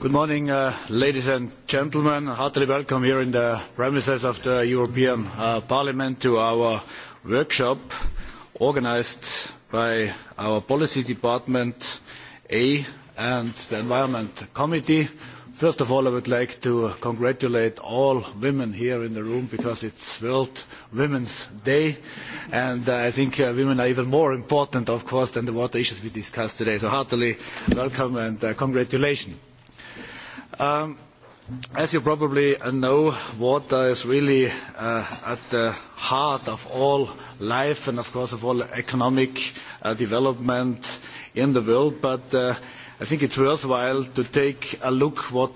Good morning, ladies and gentlemen. Heartily welcome here in the premises of the European Parliament to our workshop organized by our Policy Department A and the Environment Committee. First of all, I would like to congratulate all women here in the room because it's World Women's Day, and I think women are even more important, of course, than the water issues we discussed today. So heartily welcome and congratulations. As you probably know, water is really at the heart of all life and, of course, of all economic development in the world. But I think it's worthwhile to take a look at what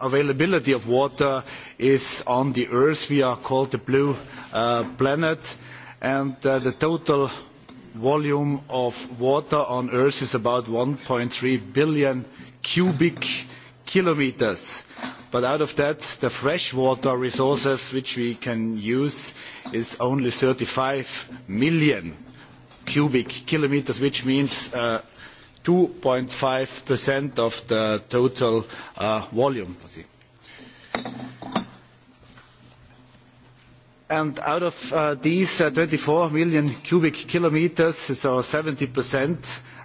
availability of water is on the Earth. We are called the Blue Planet, and the total volume of water on Earth is about 1.3 billion cubic kilometers. But out of that, the freshwater resources which we can use is only 35 million cubic kilometers, which means 2.5% of the total volume. And out of these 24 million cubic kilometers, it's 70%,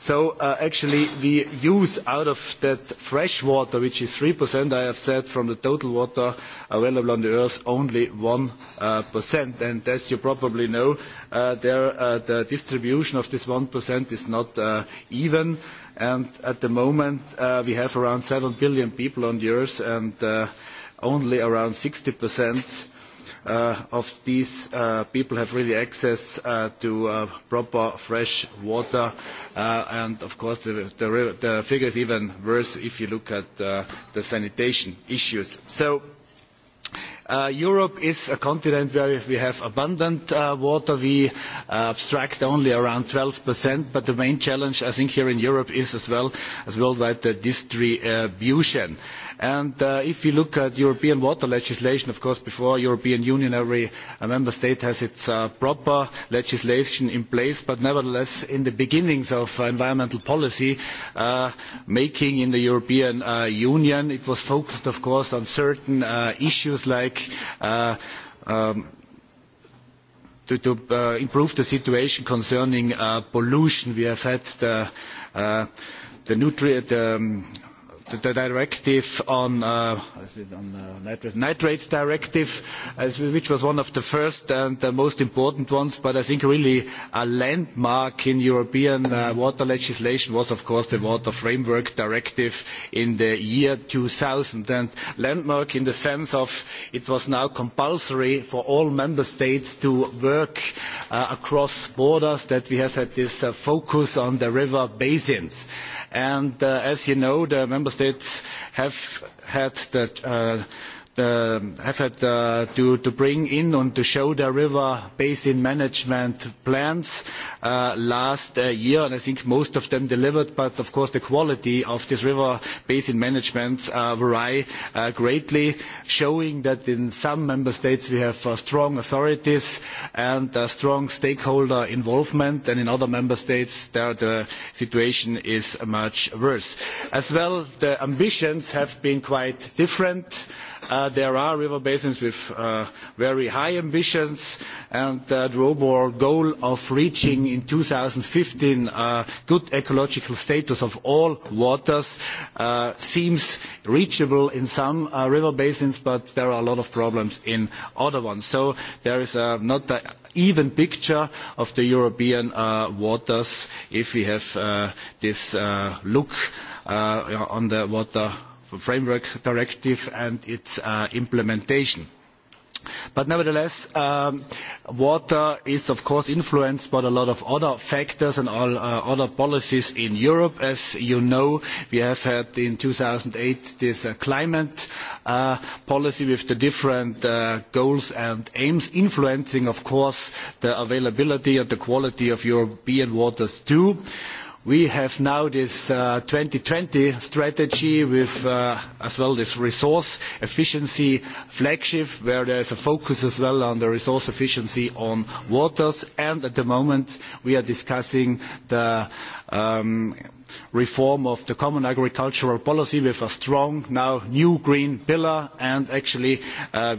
So actually the use out of that fresh water, which is 3%, I have said, from the total water available on the earth, only 1%. And as you probably know, the distribution of this 1% is not even. And at the moment, we have around 7 billion people on the earth, and only around 60% of these people have really access to proper fresh water. And of course, the figure is even worse if you look at the sanitation issues. So Europe is a continent where we have abundant water. We abstract only around 12%, but the main challenge, I think, here in Europe is as well as worldwide the distribution. And if you look at European water legislation, of course, before European Union, every member state has its proper legislation in place. But nevertheless, in the beginnings of environmental policy making in the European Union, it was focused, of course, on certain issues like to improve the situation concerning pollution. We have had the the directive on nitrates directive, which was one of the first and the most important ones, but I think really a landmark in European water legislation was, of course, the Water Framework Directive in the year 2000. And landmark in the sense of it was now compulsory for all member states to work across borders, that we have had this focus on the river basins. And as you know, the member States have had the effort to bring in and to show the river basin management plans last year and I think most of them delivered but of course the quality of this river basin management vary greatly showing that in some member states we have strong authorities and strong stakeholder involvement and in other member states the situation is much worse. As well the ambitions have been quite different there are river basins with very high ambitions and the overall goal of reaching in 2015 good ecological status of all waters seems reachable in some river basins but there are a lot of problems in other ones. So there is not an even picture of the European waters if we have this look on the water framework directive and its implementation. But nevertheless, water is of course influenced by a lot of other factors and other policies in Europe. As you know, we have had in 2008 this climate policy with the different goals and aims, influencing of course the availability and the quality of European waters too. We have now this 2020 strategy with as well this resource efficiency flagship, where there is a focus as well on the resource efficiency on waters. And at the moment, we are discussing the reform of the common agricultural policy with a strong now new green pillar and actually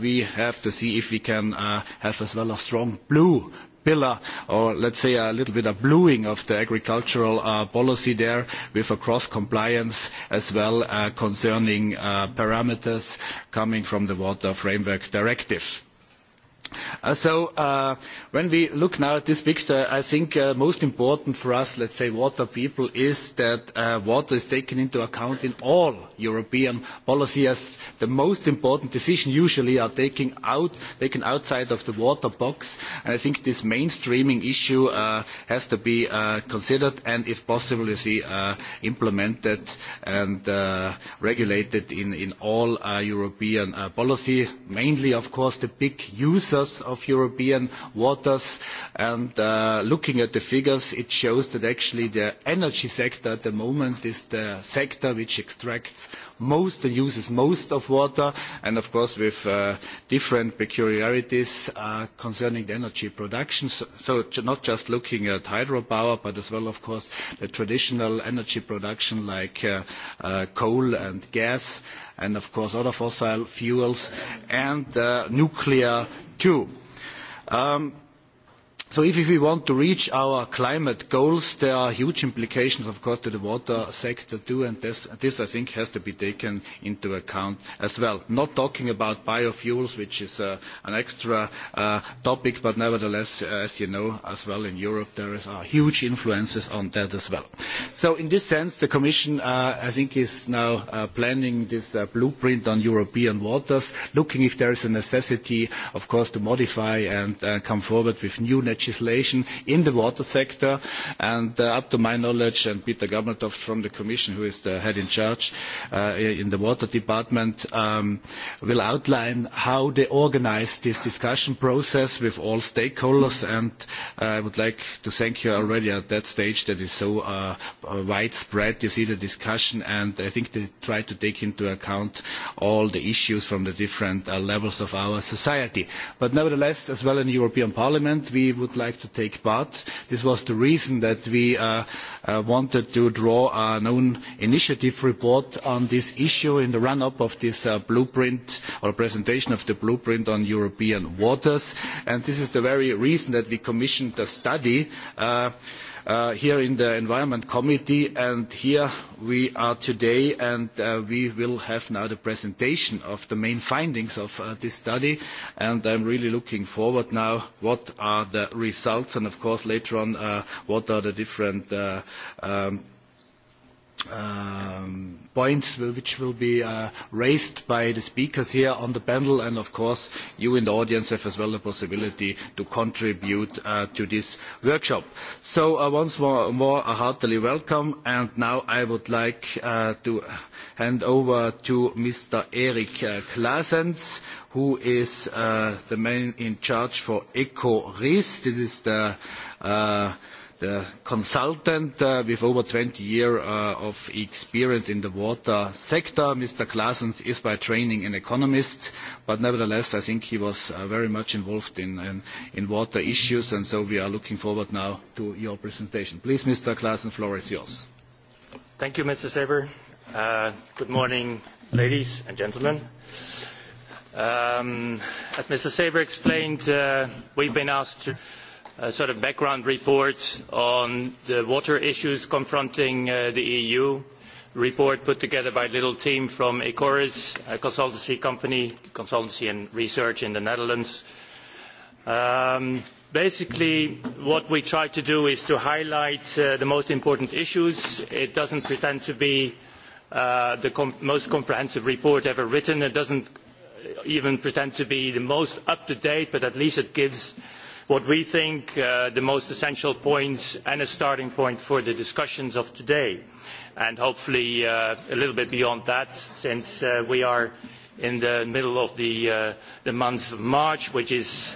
we have to see if we can have as well a strong blue pillar or let's say a little bit of bluing of the agricultural policy there with cross compliance as well concerning parameters coming from the water framework directive. So when we look now at this picture, I think most important for us, let's say, water people, is that water is taken into account in all European policy as the most important decision usually are taken outside of the water box. And I think this mainstreaming issue has to be considered and, if possible, implemented and regulated in all European policy, mainly, of course, the big user of European waters. And looking at the figures, it shows that actually the energy sector at the moment is the sector which extracts most and uses most of water, and of course with different peculiarities concerning the energy production. So not just looking at hydropower, but as well, of course, the traditional energy production like coal and gas and of course other fossil fuels and nuclear two So if we want to reach our climate goals, there are huge implications, of course, to the water sector too, and this, I think, has to be taken into account as well. Not talking about biofuels, which is an extra topic, but nevertheless, as you know, as well in Europe, there are huge influences on that as well. So in this sense, the Commission, I think, is now planning this blueprint on European waters, looking if there is a necessity, of course, to modify and come forward with new legislation in the water sector. And up to my knowledge, and Peter Gamertoft from the Commission, who is the head in charge in the Water Department, will outline how they organize this discussion process with all stakeholders. And I would like to thank you already at that stage that is so widespread. You see the discussion, and I think they try to take into account all the issues from the different levels of our society. But nevertheless, as well in the European Parliament, we would would like to take part. This was the reason that we wanted to draw our own initiative report on this issue in the run-up of this blueprint or presentation of the blueprint on European waters. And this is the very reason that we commissioned a study here in the Environment Committee, and here we are today, and we will have now the presentation of the main findings of this study, and I'm really looking forward now what are the results, and of course later on what are the different points which will be raised by the speakers here on the panel and of course you in the audience have as well the possibility to contribute to this workshop. So once more a heartily welcome and now I would like to hand over to Mr. Erik Klaasens who is the man in charge for ECORIS. This is the the consultant with over 20 years of experience in the water sector. Mr. Claessens is by training an economist, but nevertheless, I think he was very much involved in water issues, and so we are looking forward now to your presentation. Please, Mr. the floor is yours. Thank you, Mr. Saber. Good morning, ladies and gentlemen. As Mr. Saber explained, we've been asked to sort of background report on the water issues confronting the EU, report put together by a little team from Ecoris, a consultancy company, consultancy and research in the Netherlands. Basically, what we try to do is to highlight the most important issues. It doesn't pretend to be the most comprehensive report ever written. It doesn't even pretend to be the most up-to-date, but at least it gives what we think the most essential points and a starting point for the discussions of today and hopefully a little bit beyond that since we are in the middle of the month of March, which is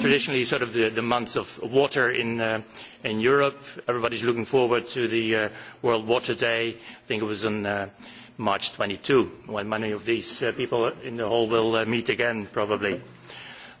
traditionally sort of the month of water in Europe. Everybody is looking forward to the World Water Day. I think it was on March 22, when many of these people in the hall will meet again, probably.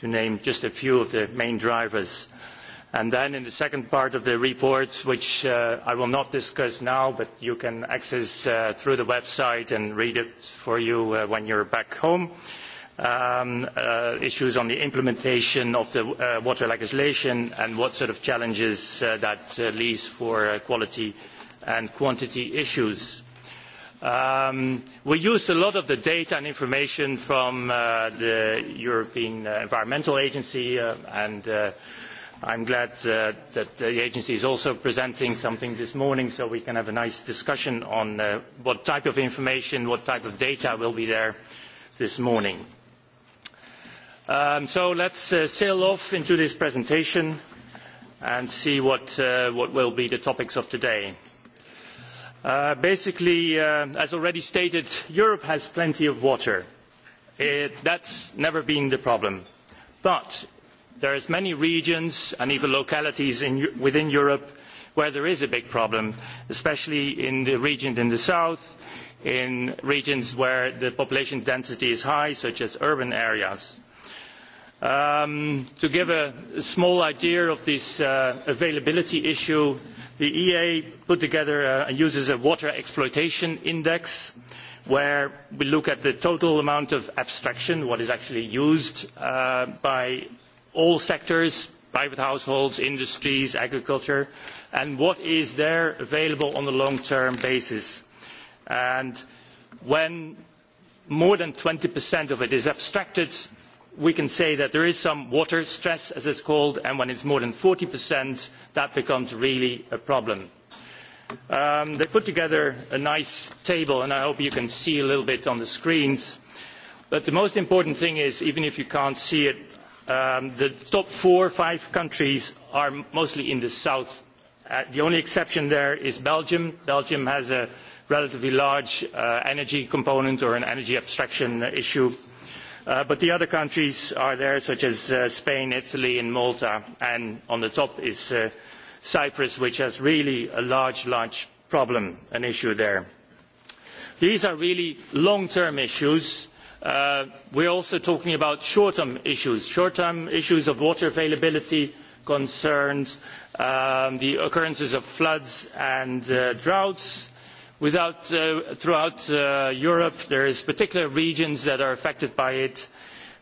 to name just a few of the main drivers. And then in the second part of the report, which I will not discuss now, but you can access through the website and read it for you when you're back home, issues on the implementation of the water legislation and what sort of challenges that leaves for quality and quantity issues. We used a lot of the data and information from the European Environmental Agency, and I'm glad that the agency is also presenting something this morning, so we can have a nice discussion on what type of information, what type of data will be there this morning. So let's sail off into this presentation and see what will be the topics of today. Basically, as already stated, Europe has plenty of water. That's never been the problem. But there are many regions and even localities within Europe where there is a big problem, especially in the regions in the south, in regions where the population density is high, such as urban areas. To give a small idea of this availability issue, the ea put together and uses a water exploitation index where we look at the total amount of abstraction what is actually used by all sectors private households industries agriculture and what is there available on a long term basis. when more than twenty of it is abstracted we can say that there is some water stress, as it's called, and when it's more than 40%, that becomes really a problem. They put together a nice table, and I hope you can see a little bit on the screens. But the most important thing is, even if you can't see it, the top four or five countries are mostly in the south. The only exception there is Belgium. Belgium has a relatively large energy component or an energy abstraction issue But the other countries are there, such as Spain, Italy and Malta, and on the top is Cyprus, which has really a large, large problem, an issue there. These are really long-term issues. We are also talking about short-term issues, short-term issues of water availability concerns, the occurrences of floods and droughts Throughout Europe, there are particular regions that are affected by it.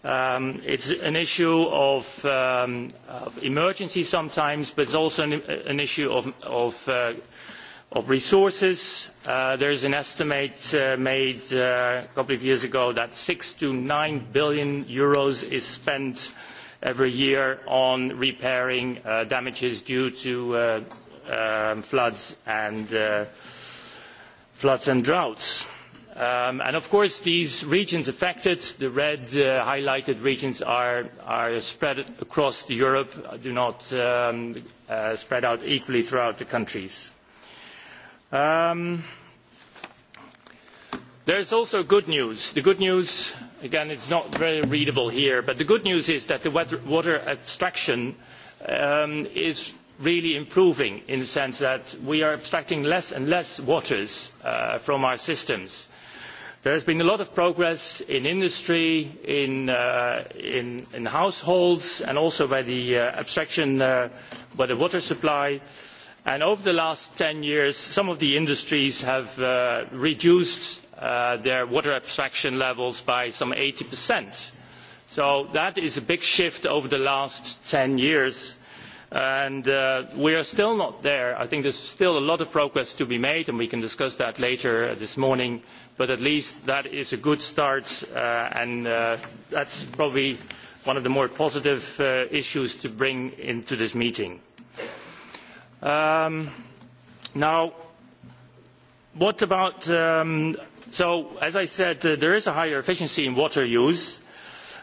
It's an issue of emergency sometimes, but it's also an issue of resources. There is an estimate made a couple of years ago that 6 to 9 billion euros is spent every year on repairing damages due to floods and floods and droughts. And of course, these regions affected, the red highlighted regions, are spread across Europe, do not spread out equally throughout the countries. There is also good news. The good news, again, it's not very readable here, but the good news is that the water abstraction is really improving in the sense that we are abstracting less and less waters from our systems. There has been a lot of progress in industry, in households and also by the abstraction by the water supply. And over the last 10 years, some of the industries have reduced their water abstraction levels by some 80%. So that is a big shift over the last 10 years and we are still not there. i think there is still a lot of progress to be made and we can discuss that later this morning but at least that is a good start and that is probably one of the more positive issues to bring into this meeting. now what about so as i said there is a higher efficiency in water use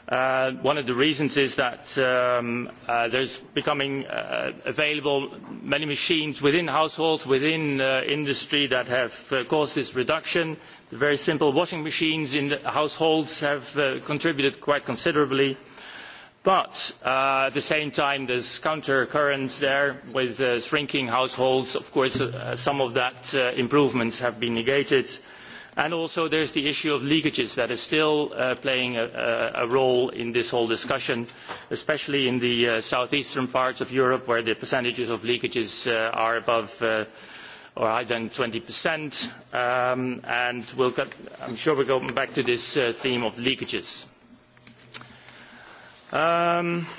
One of the reasons is that there is becoming available many machines within households, within industry that have caused this reduction. The very simple washing machines in households have contributed quite considerably. But at the same time, there there's counter currents there with shrinking households. Of course, some of that improvements have been negated. And also there is the issue of leakages that is still playing a role in this whole discussion, especially in the southeastern parts of Europe where the percentages of leakages are above or higher than 20%. And I'm sure we'll go back to this theme of leakages. I'll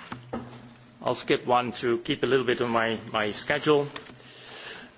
skip one to keep a little bit on my schedule.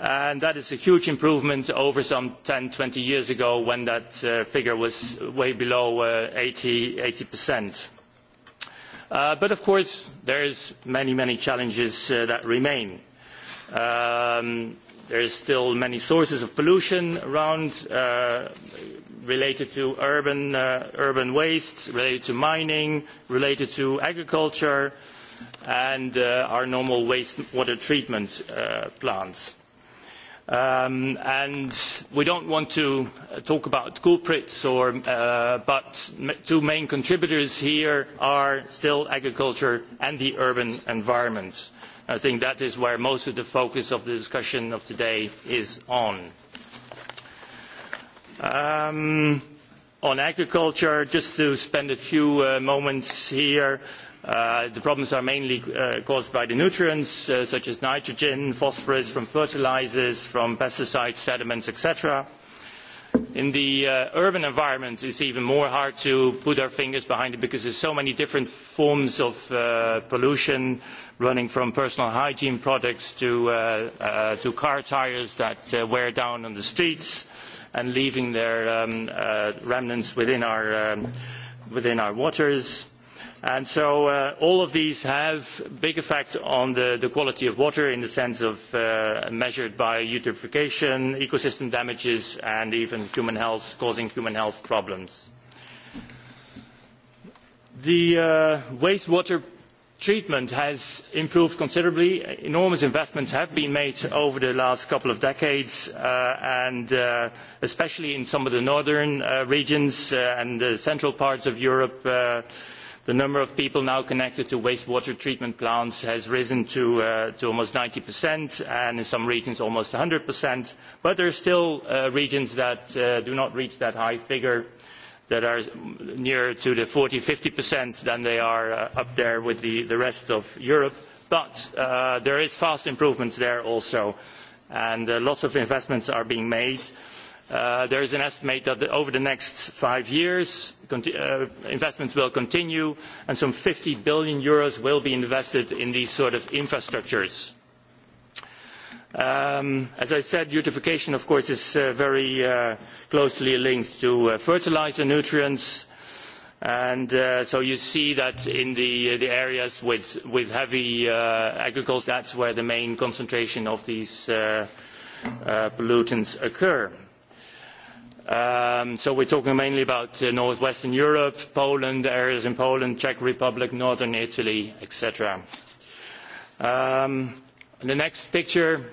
and that is a huge improvement over some 10, 20 years ago when that figure was way below 80%. But of course, there are many, many challenges that remain. There are still many sources of pollution around related to urban waste, related to mining, related to agriculture, and our normal wastewater treatment plants and we don't want to talk about culprits but two main contributors here are still agriculture and the urban environment. i think that is where most of the focus of the discussion of today is on. on agriculture just to spend a few moments here The problems are mainly caused by the nutrients such as nitrogen, phosphorus from fertilizers, from pesticides, sediments, etc. In the urban environments, it is even more hard to put our fingers behind it because there there's so many different forms of pollution, running from personal hygiene products to car tires that wear down on the streets and leaving their remnants within our waters and so all of these have a big effect on the quality of water in the sense of measured by eutrophication ecosystem damages and even human health causing human health problems. the wastewater treatment has improved considerably. Enormous investments have been made over the last couple of decades, and especially in some of the northern regions and the central parts of Europe, the number of people now connected to wastewater treatment plants has risen to almost 90% and in some regions almost 100%, but there are still regions that do not reach that high figure, that are nearer to the 40-50% than they are up there with the rest of Europe. But there is fast improvement there also, and lots of investments are being made There is an estimate that over the next five years, investments will continue and some 50 billion euros will be invested in these sort of infrastructures. As I said, eutrophication, of course, is very closely linked to fertilizer nutrients. And so you see that in the areas with heavy agriculture, that's where the main concentration of these pollutants occur. So we're talking mainly about Western Europe, Poland, areas in Poland, Czech Republic, northern Italy, etc. The next picture,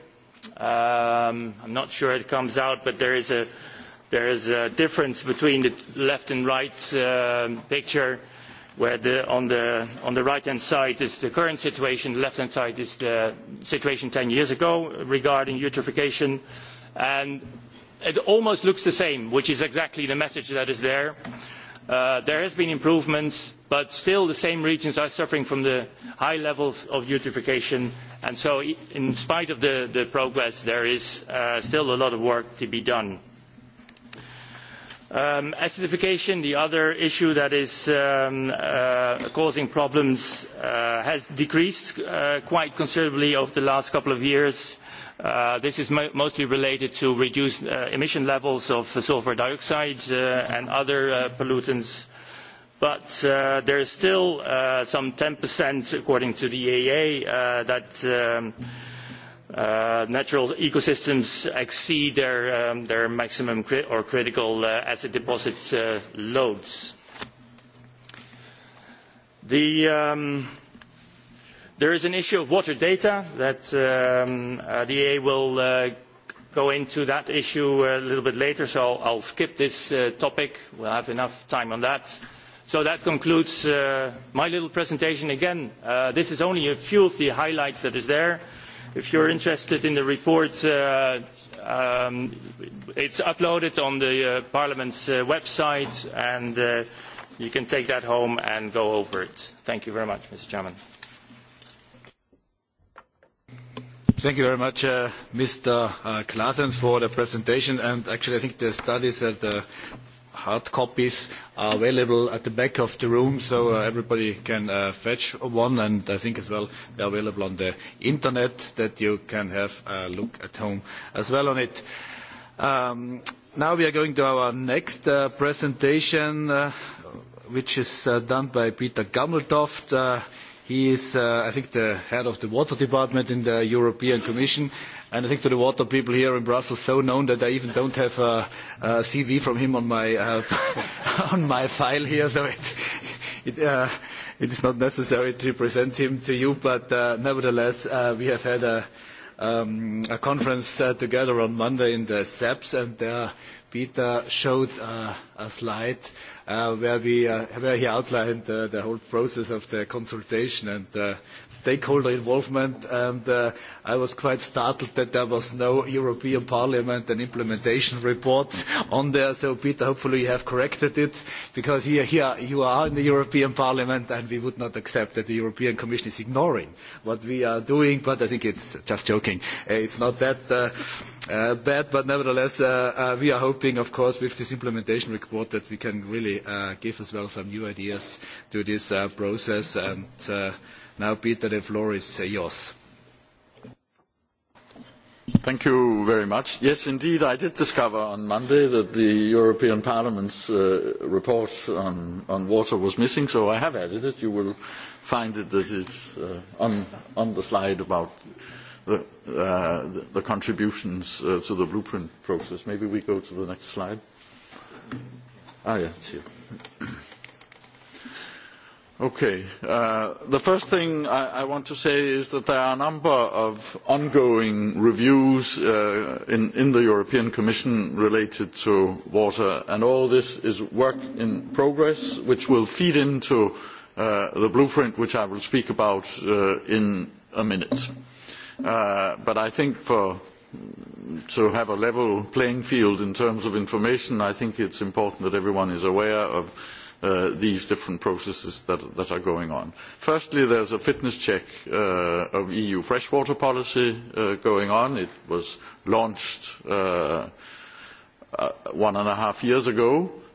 I'm not sure it comes out, but there is a difference between the left and right picture, where on the right-hand side is the current situation, the left-hand side is the situation 10 years ago regarding eutrophication, and it almost looks the same which is exactly the message that is there. there has been improvements but still the same regions are suffering from the high level of eutrophication and so in spite of the progress there is still a lot of work to be done. acidification the other issue that is causing problems has decreased quite considerably over the last couple of years This is mostly related to reduced emission levels of sulfur dioxide and other pollutants. But there is still some 10%, according to the EAA, that natural ecosystems exceed their maximum or critical acid deposit loads. The There is an issue of water data that the EA will go into that issue a little bit later, so I'll skip this topic. We'll have enough time on that. So that concludes my little presentation. Again, this is only a few of the highlights that is there. If you're interested in the report, it's uploaded on the Parliament's website, and you can take that home and go over it. Thank you very much, Mr. Chairman. Thank you very much, Mr. Claessens, for the presentation. And actually, I think the studies and the hard copies are available at the back of the room, so everybody can fetch one. And I think as well they are available on the internet, that you can have a look at home as well on it. Now we are going to our next presentation, which is done by Peter Gammeltoft He is, I think, the head of the water department in the European Commission. And I think to the water people here in Brussels, so known that I even don't have a CV from him on my file here. So it is not necessary to present him to you. But nevertheless, we have had a conference together on Monday in the SEPS, and Peter showed a slide where we outlined the whole process of the consultation and stakeholder involvement. And I was quite startled that there was no European Parliament and implementation report on there. So, Peter, hopefully you have corrected it, because here you are in the European Parliament, and we would not accept that the European Commission is ignoring what we are doing. But I think it's just joking. It's not that bad, but nevertheless, we are hoping, of course, with this implementation report that we can really give as well some new ideas to this process. And now, Peter, the floor is yours. Thank you very much. Yes, indeed, I did discover on Monday that the European Parliament's report on water was missing, so I have added it. You will find it that it's on the slide about the contributions to the blueprint process. Maybe we go to the next slide it's Okay. The first thing I want to say is that there are a number of ongoing reviews in the European Commission related to water, and all this is work in progress, which will feed into the blueprint, which I will speak about in a minute. But I think for to have a level playing field in terms of information, I think it's important that everyone is aware of these different processes that are going on. Firstly, there's a fitness check of EU freshwater policy going on. It was launched one and a half years ago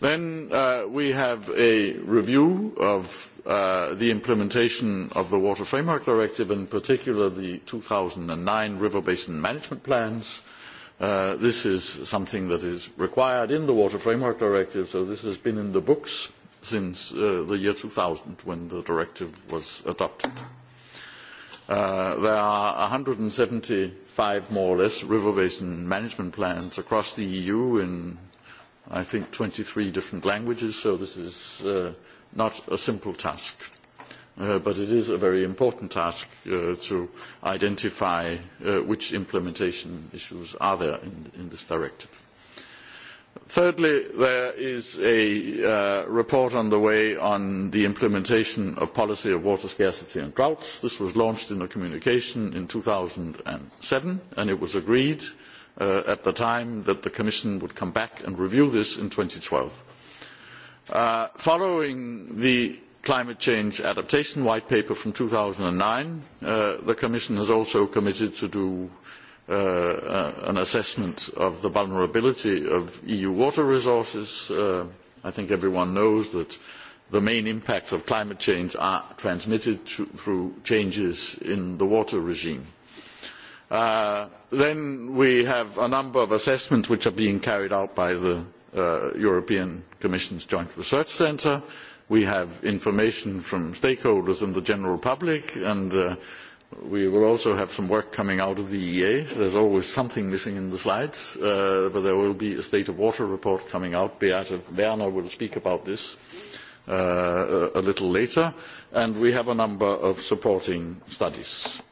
Then we have a review of the implementation of the Water Framework Directive, in particular the 2009 River Basin Management Plans. This is something that is required in the Water Framework Directive, so this has been in the books since the year 2000 when the directive was adopted. There are 175 more or less river basin management plans across the EU in I think, 23 different languages, so this is not a simple task. But it is a very important task to identify which implementation issues are there in this directive. Thirdly, there is a report on the way on the implementation of policy of water scarcity and droughts. This was launched in a communication in 2007, and it was agreed at the time that the Commission would come back and review this in 2012. Following the Climate Change Adaptation White Paper from 2009, the Commission has also committed to do an assessment of the vulnerability of EU water resources. I think everyone knows that the main impacts of climate change are transmitted through changes in the water regime. Then we have a number of assessments which are being carried out by the European Commission's Joint Research Centre. We have information from stakeholders and the general public, and we will also have some work coming out of the EA. is always something missing in the slides, but there will be a state of water report coming out. Beate Werner will speak about this a little later, and we have a number of supporting studies.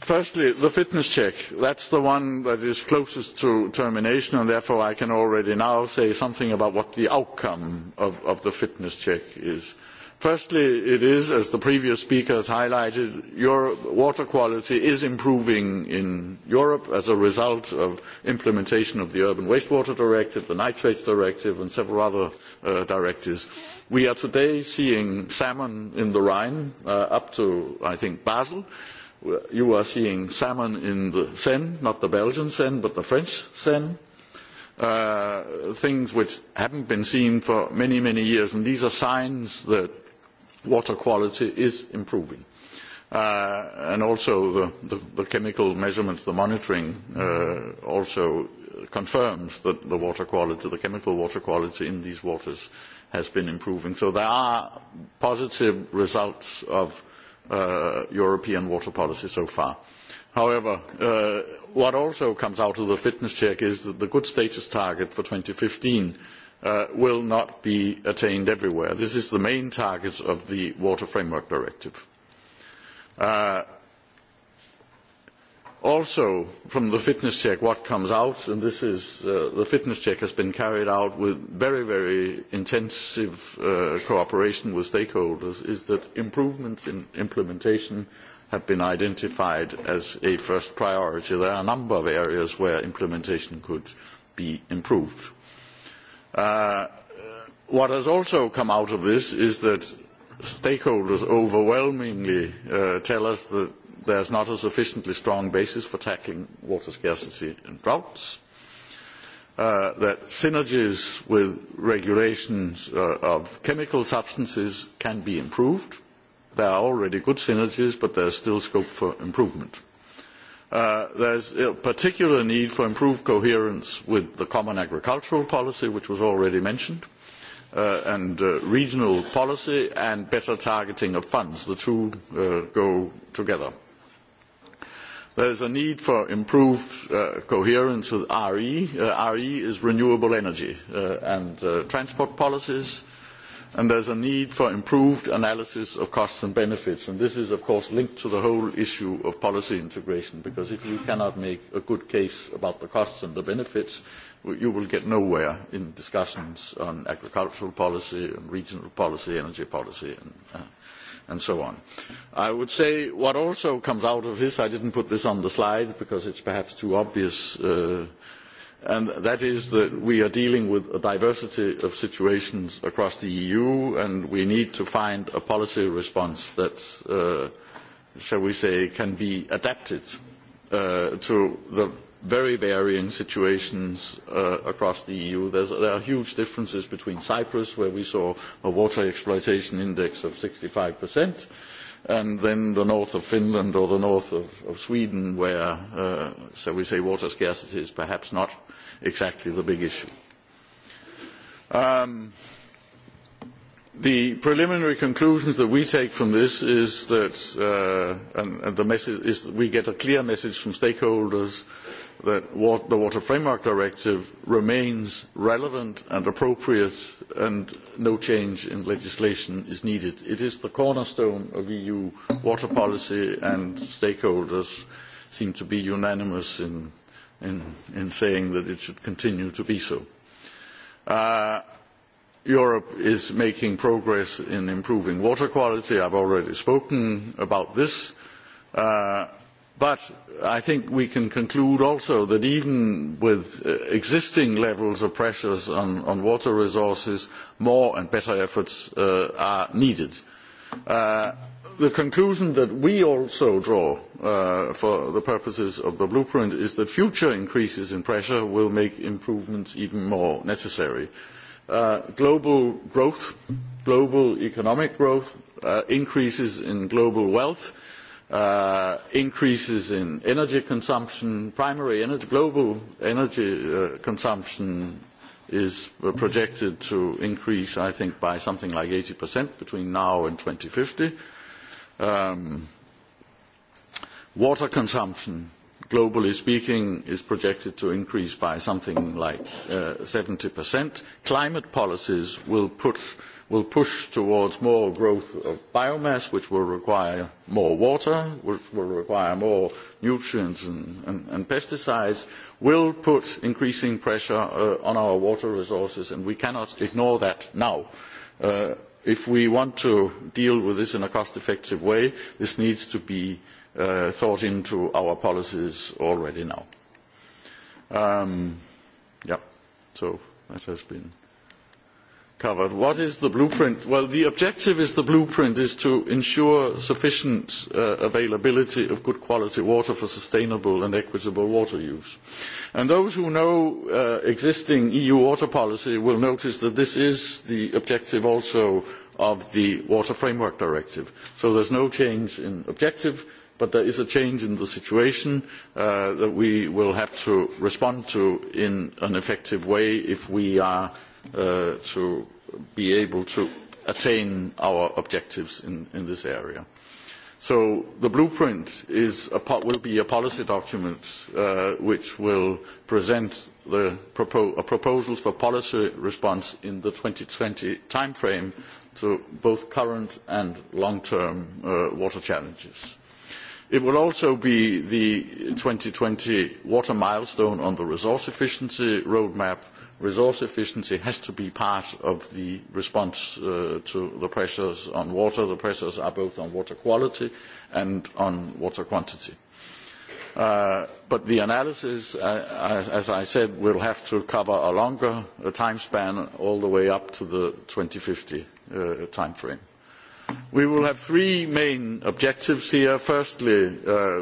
Firstly, the fitness check. that is the one that is closest to termination, and therefore I can already now say something about what the outcome of the fitness check is firstly it is as the previous speaker has highlighted your water quality is improving in europe as a result of implementation of the urban wastewater directive the nitrates directive and several other directives. we are today seeing salmon in the rhine up to i think basel. you are seeing salmon in the seine not the belgian seine but the french seine things which have not been seen for many many years and these are signs that water quality is improving. And also the chemical measurements, the monitoring also confirms that the water quality, the chemical water quality in these waters has been improving. So there are positive results of European water policy so far. However, what also comes out of the fitness check is that the good status target for 2015 will not be attained everywhere. This is the main target of the Water Framework Directive. Also, from the fitness check, what comes out, and this is the fitness check has been carried out with very, very intensive cooperation with stakeholders, is that improvements in implementation have been identified as a first priority. There are a number of areas where implementation could be improved What has also come out of this is that stakeholders overwhelmingly tell us that there is not a sufficiently strong basis for tackling water scarcity and droughts, that synergies with regulations of chemical substances can be improved. There are already good synergies, but there is still scope for improvement there is a particular need for improved coherence with the common agricultural policy which was already mentioned and regional policy and better targeting of funds. the two go together. there is a need for improved coherence with re. re is renewable energy and transport policies and there is a need for improved analysis of costs and benefits. And this is of course linked to the whole issue of policy integration because if you cannot make a good case about the costs and the benefits you will get nowhere in discussions on agricultural policy and regional policy energy policy and so on. i would say what also comes out of this i did not put this on the slide because it is perhaps too obvious and that is that we are dealing with a diversity of situations across the eu and we need to find a policy response that shall we say can be adapted to the very varying situations across the eu. there are huge differences between cyprus where we saw a water exploitation index of sixty five and then the north of Finland or the north of Sweden, where, shall we say, water scarcity is perhaps not exactly the big issue. The preliminary conclusions that we take from this is that, and the message is that we get a clear message from stakeholders that the Water Framework Directive remains relevant and appropriate and no change in legislation is needed. It is the cornerstone of EU water policy and stakeholders seem to be unanimous in saying that it should continue to be so. Europe is making progress in improving water quality. I have already spoken about this. But I think we can conclude also that even with existing levels of pressures on water resources, more and better efforts are needed. The conclusion that we also draw for the purposes of the blueprint is that future increases in pressure will make improvements even more necessary. Global growth, global economic growth, increases in global wealth increases in energy consumption, primary energy, global energy consumption is projected to increase, I think, by something like 80% between now and 2050. Water consumption, globally speaking, is projected to increase by something like 70%. Climate policies will put will push towards more growth of biomass, which will require more water, which will require more nutrients and pesticides, will put increasing pressure on our water resources, and we cannot ignore that now. If we want to deal with this in a cost-effective way, this needs to be thought into our policies already now. Yeah, so that has been covered. What is the blueprint? Well, the objective is the blueprint is to ensure sufficient availability of good quality water for sustainable and equitable water use. And those who know existing EU water policy will notice that this is the objective also of the Water Framework Directive. So there's no change in objective, but there is a change in the situation that we will have to respond to in an effective way if we are to be able to attain our objectives in this area. So the blueprint will be a policy document which will present the proposals for policy response in the 2020 timeframe to both current and long-term water challenges. It will also be the 2020 water milestone on the resource efficiency roadmap resource efficiency has to be part of the response to the pressures on water. The pressures are both on water quality and on water quantity. But the analysis, as I said, will have to cover a longer time span all the way up to the 2050 frame. We will have three main objectives here. Firstly,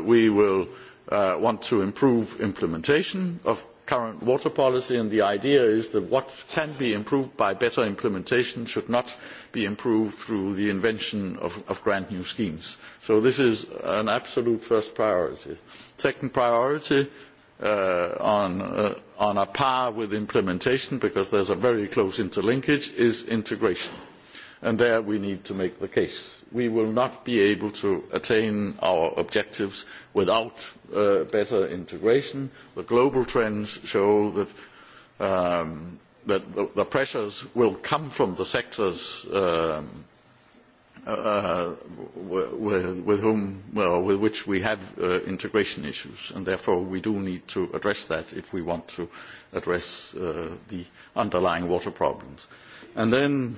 we will want to improve implementation of current water policy and the idea is that what can be improved by better implementation should not be improved through the invention of grand new schemes. so this is an absolute first priority. second priority on a par with implementation because there is a very close interlinkage is integration and there we need to make the case. we will not be able to attain our objectives without better integration. The global trends show that the pressures will come from the sectors with which we have integration issues, and therefore we do need to address that if we want to address the underlying water problems. And then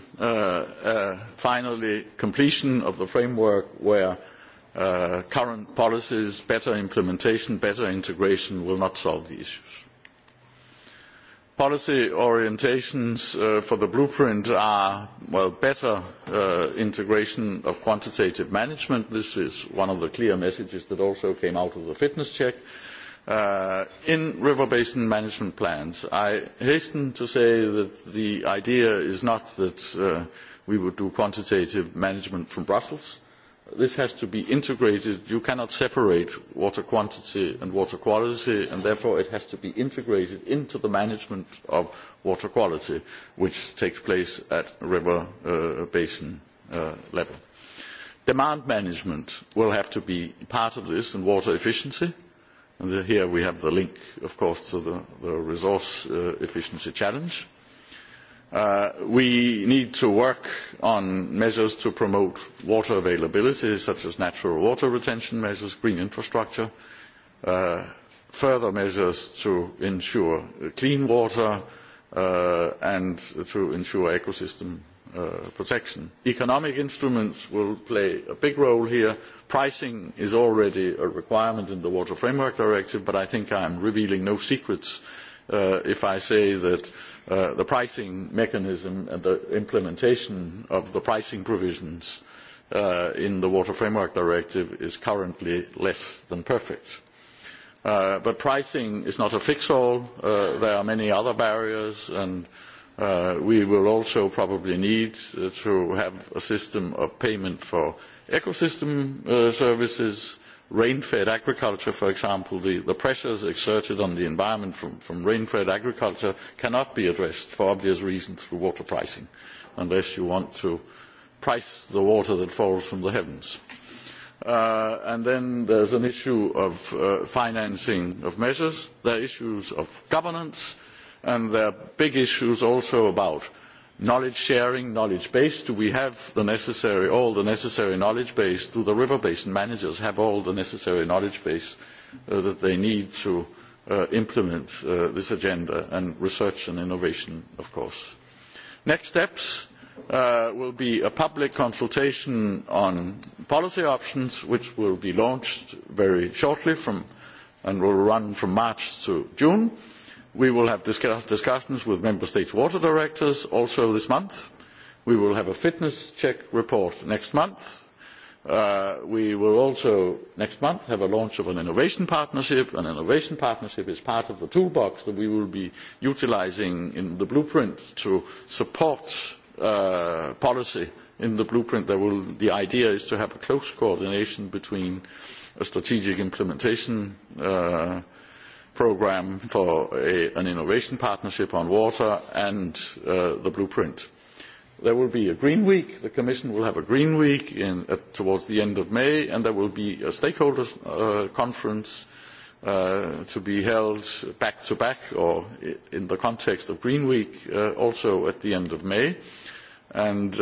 finally, completion of the framework where current policies, better implementation, better integration will not solve the issues. Policy orientations for the blueprint are better integration of quantitative management. This is one of the clear messages that also came out of the fitness check. In river basin management plans, I hasten to say that the idea is not that we would do quantitative management from Brussels this has to be integrated. You cannot separate water quantity and water quality, and therefore it has to be integrated into the management of water quality, which takes place at river basin level. Demand management will have to be part of this, and water efficiency. And Here we have the link, of course, to the resource efficiency challenge We need to work on measures to promote water availability, such as natural water retention measures, green infrastructure, further measures to ensure clean water and to ensure ecosystem protection. Economic instruments will play a big role here. Pricing is already a requirement in the Water Framework Directive, but I think I am revealing no secrets if I say that the pricing mechanism and the implementation of the pricing provisions in the Water Framework Directive is currently less than perfect. But pricing is not a fix-all. There are many other barriers, and we will also probably need to have a system of payment for ecosystem services rain fed agriculture for example the pressures exerted on the environment from rain fed agriculture cannot be addressed for obvious reasons through water pricing unless you want to price the water that falls from the heavens. and then there is an issue of financing of measures there are issues of governance and there are big issues also about knowledge sharing, knowledge base? Do we have all the necessary knowledge base? Do the river basin managers have all the necessary knowledge base that they need to implement this agenda and research and innovation, of course? Next steps will be a public consultation on policy options, which will be launched very shortly and will run from March to June we will have discussions with member states' water directors also this month we will have a fitness check report next month we will also next month have a launch of an innovation partnership an innovation partnership is part of the toolbox that we will be utilising in the blueprint to support policy in the blueprint the idea is to have a close coordination between a strategic implementation programme for an innovation partnership on water and the blueprint. There will be a Green Week. The Commission will have a Green Week towards the end of May, and there will be a stakeholders conference to be held back to back or in the context of Green Week also at the end of May. And,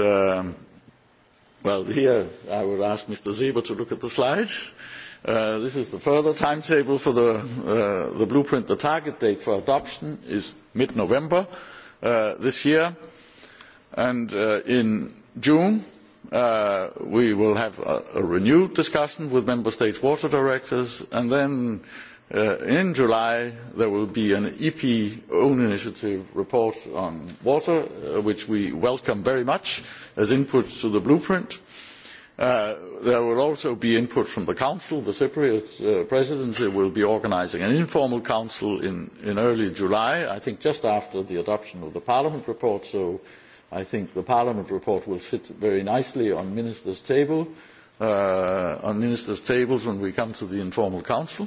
well, here I would ask Mr. Sieber to look at the slides. This is the further timetable for the blueprint. The target date for adoption is mid-November this year. And in June, we will have a renewed discussion with Member States' water directors. And then in July, there will be an EP own initiative report on water, which we welcome very much as input to the blueprint There will also be input from the Council. The Cypriot Presidency will be organising an informal Council in early July, I think just after the adoption of the Parliament report, so I think the Parliament report will sit very nicely on ministers' tables when we come to the informal Council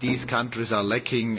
these countries are lacking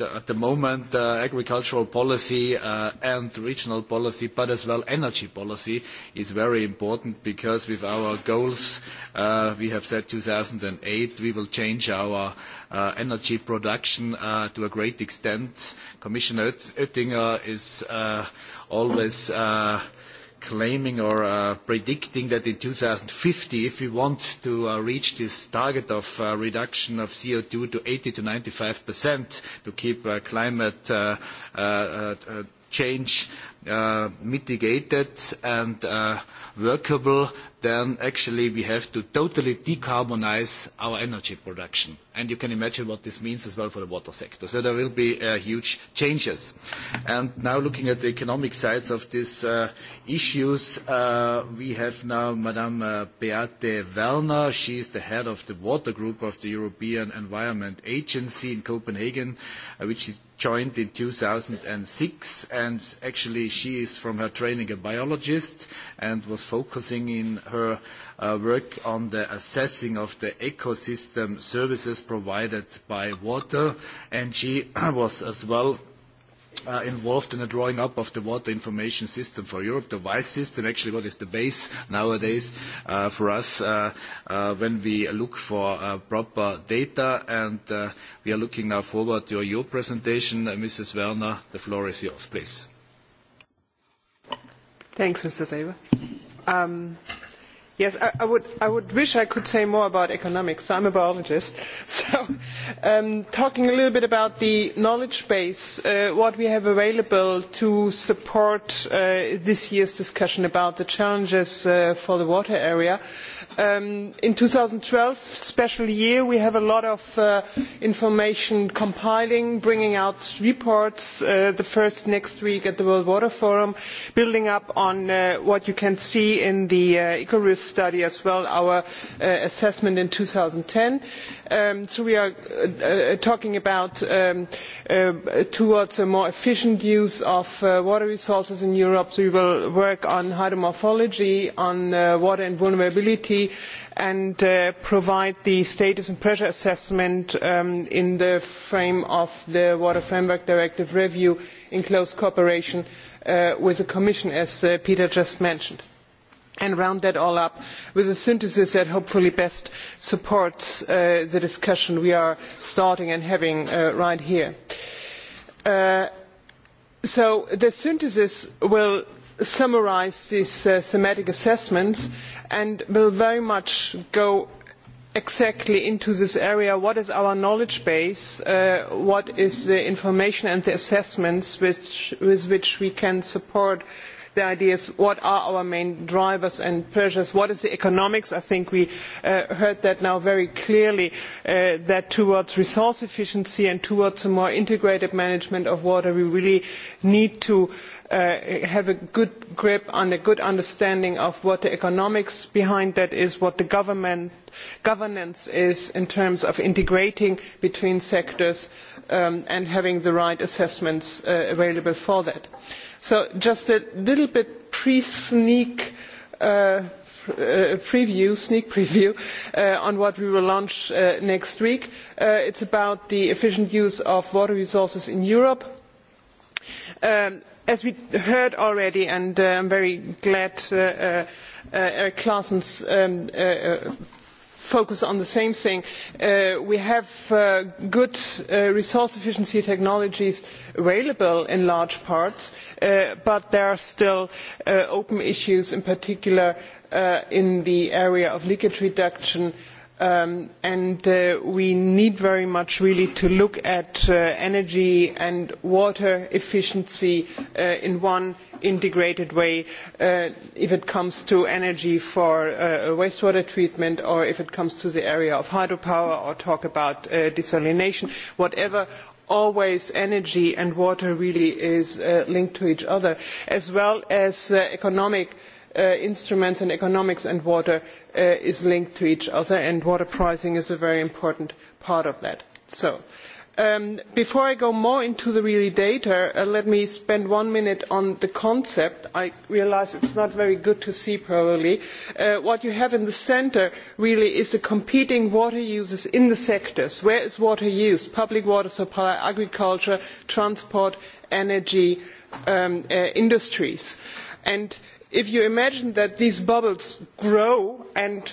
At the moment, agricultural policy and regional policy, but as well energy policy, is very important because with our goals we have set 2008, we will change our energy production to a great extent. Commissioner Oettinger is always claiming or predicting that in 2050, if we want to reach this target of reduction of CO2 to 80 to 95% to keep climate change mitigated and workable, then actually we have to totally decarbonise our energy production. And you can imagine what this means as well for the water sector. So there will be huge changes. And now looking at the economic sides of these issues, we have now Madame Beate Wellner. She is the head of the Water Group of the European Environment Agency in Copenhagen, which she joined in 2006. And actually, she is from her training a biologist and was focusing in her work on the assessing of the ecosystem services provided by water, and she was as well involved in the drawing up of the Water Information System for Europe, the WISE system, actually what is the base nowadays for us when we look for proper data. And we are looking now forward to your presentation. Mrs. Werner, the floor is yours, please. Thanks, Mr. Saber. Yes, I would wish I could say more about economics. I am a biologist. So talking a little bit about the knowledge base, what we have available to support this year's discussion about the challenges for the water area in 2012 twelve special year we have a lot of information compiling bringing out reports the first next week at the world water forum building up on what you can see in the icarus study as well our assessment in 2010. ten so we are talking about towards a more efficient use of water resources in europe so we will work on hydromorphology on water and vulnerability and provide the status and pressure assessment in the frame of the water framework directive review in close cooperation with the commission as peter just mentioned and round that all up with a synthesis that hopefully best supports the discussion we are starting and having right here. So the synthesis will summarise these thematic assessments and will very much go exactly into this area what is our knowledge base what is the information and the assessments with which we can support the idea is what are our main drivers and pressures, what is the economics. I think we heard that now very clearly that towards resource efficiency and towards a more integrated management of water we really need to have a good grip and a good understanding of what the economics behind that is, what the government governance is in terms of integrating between sectors and having the right assessments available for that. So just a little bit pre-sneak preview, sneak preview on what we will launch next week. It's about the efficient use of water resources in Europe. As we heard already, and I'm very glad Eric Claessen's focus on the same thing. we have good resource efficiency technologies available in large parts but there are still open issues in particular in the area of leakage reduction and we need very much really to look at energy and water efficiency in one integrated way if it comes to energy for wastewater treatment or if it comes to the area of hydropower or talk about desalination whatever always energy and water really is linked to each other as well as economic instruments and economics and water is linked to each other and water pricing is a very important part of that. so Before I go more into the real data, let me spend one minute on the concept. I realise it is not very good to see probably. What you have in the centre really is the competing water uses in the sectors. Where is water used? Public water supply, agriculture, transport, energy, industries. And if you imagine that these bubbles grow and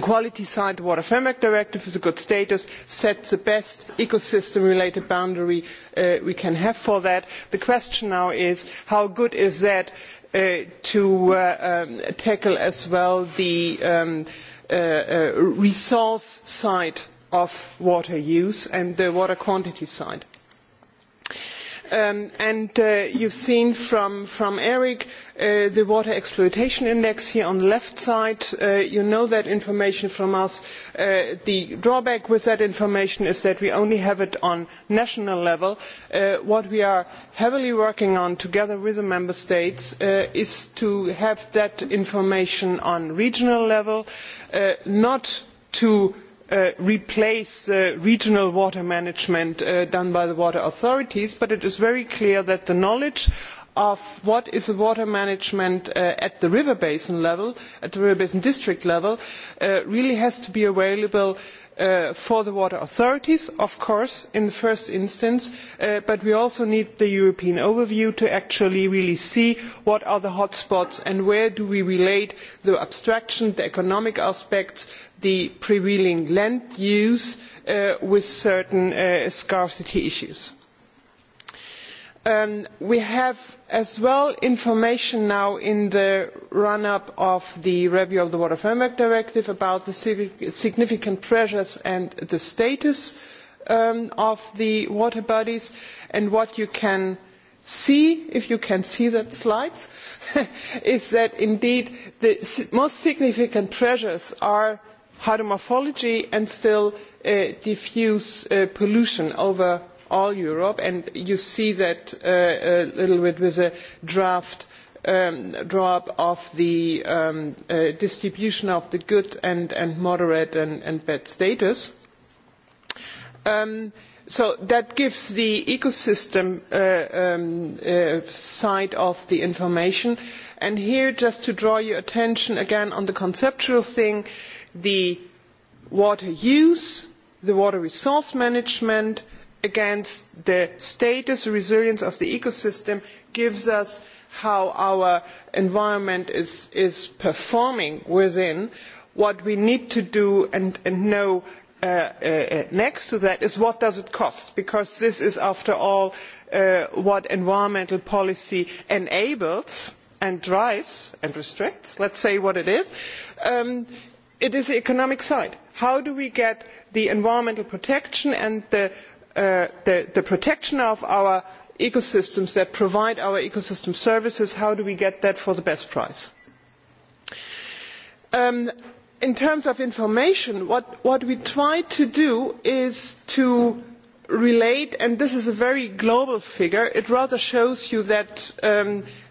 quality side the water framework directive is a good status sets the best ecosystem related boundary we can have for that. the question now is how good is that to tackle as well the resource side of water use and the water quantity side? and you've seen from eric the water exploitation index here on the left side you know that information from us. the drawback with that information is that we only have it on national level. what we are heavily working on together with the member states is to have that information on regional level not to replace regional water management done by the water authorities but it is very clear that the knowledge of what is water management at the river basin level at the river basin district level really has to be available for the water authorities of course in the first instance but we also need the european overview to actually really see what are the hot spots and where do we relate the abstraction the economic aspects the prevailing land use with certain scarcity issues we have as well information now in the run up of the review of the water framework directive about the significant pressures and the status of the water bodies and what you can see if you can see the slides, is that indeed the most significant pressures are hydromorphology and still diffuse pollution over all Europe, and you see that a little bit with a draft draw up of the distribution of the good and moderate and bad status. So that gives the ecosystem side of the information. And here, just to draw your attention again on the conceptual thing, the water use, the water resource management, against the status resilience of the ecosystem gives us how our environment is performing within. What we need to do and know next to that is what does it cost, because this is, after all, what environmental policy enables and drives and restricts. Let's say what it is. It is the economic side. How do we get the environmental protection and the the protection of our ecosystems that provide our ecosystem services how do we get that for the best price? in terms of information what we try to do is to relate and this is a very global figure it rather shows you that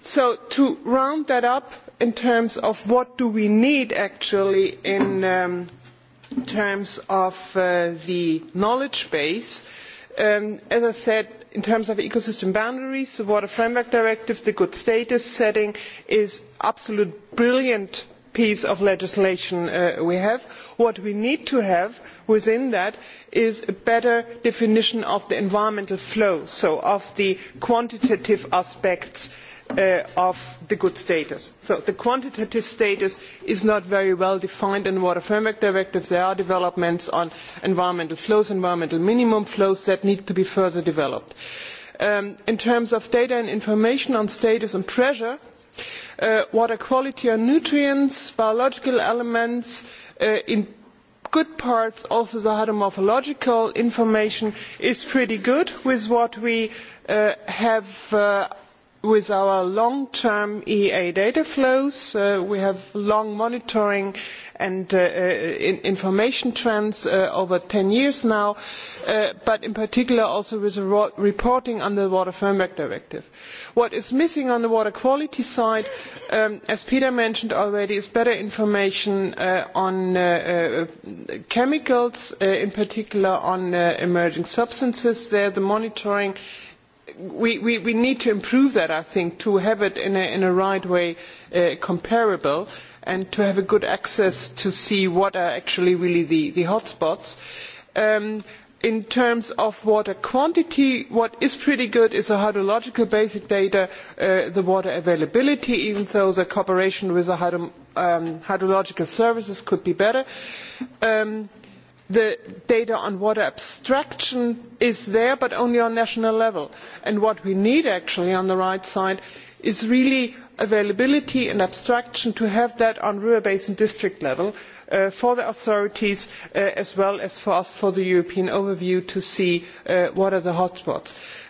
So to round that up in terms of what do we need actually in terms of the knowledge base, as I said, in terms of ecosystem boundaries, the Water Framework Directive, the good status setting is absolutely brilliant piece of legislation we have. what we need to have within that is a better definition of the environmental flow so of the quantitative aspects of the good status. So the quantitative status is not very well defined in the water framework directive. there are developments on environmental flows environmental minimum flows that need to be further developed. in terms of data and information on status and pressure water quality and nutrients biological elements in good parts also the hydromorphological information is pretty good with what we have with our long term ea data flows we have long monitoring and information trends over 10 years now but in particular also with the reporting under the water framework directive what is missing on the water quality side as peter mentioned already is better information on chemicals in particular on emerging substances there the monitoring we need to improve that i think to have it in a right way comparable and to have a good access to see what are actually really the hotspots. in terms of water quantity what is pretty good is the hydrological basic data the water availability even though the cooperation with the hydrological services could be better the data on water abstraction is there but only on national level and what we need actually on the right side is really availability and abstraction to have that on river basin district level for the authorities as well as for us for the european overview to see what are the hotspots.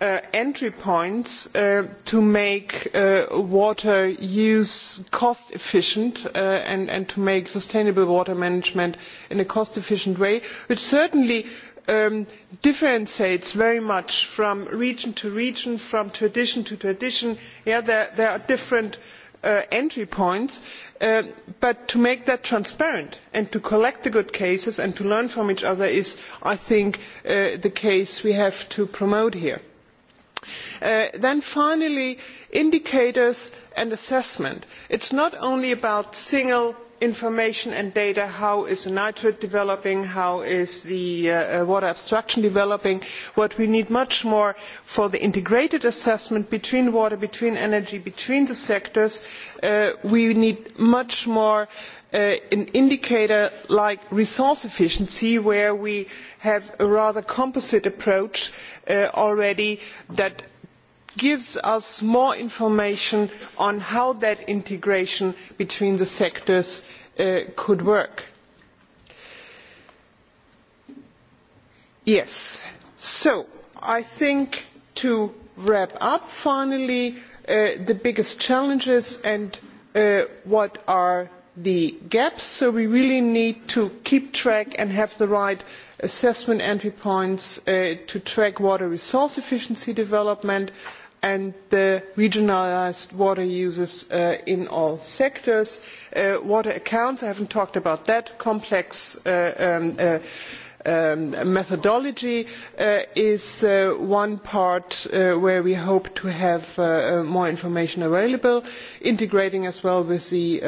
entry points to make water use cost efficient and to make sustainable water management in a cost efficient way which certainly differentiates very much from region to region from tradition to tradition. there are different entry points but to make that transparent and to collect the good cases and to learn from each other is i think the case we have to promote here. Then finally, indicators and assessment. It is not only about single information and data how is nitrate developing how is the water abstraction developing what we need much more for the integrated assessment between water between energy between the sectors we need much more an indicator like resource efficiency where we have a rather composite approach already that gives us more information on how that integration between the sectors could work. Yes, so I think to wrap up finally the biggest challenges and what are the gaps. So we really need to keep track and have the right assessment entry points to track water resource efficiency development and the regionalised water uses in all sectors. Water accounts, I haven't talked about that, complex methodology is one part where we hope to have more information available, integrating as well with the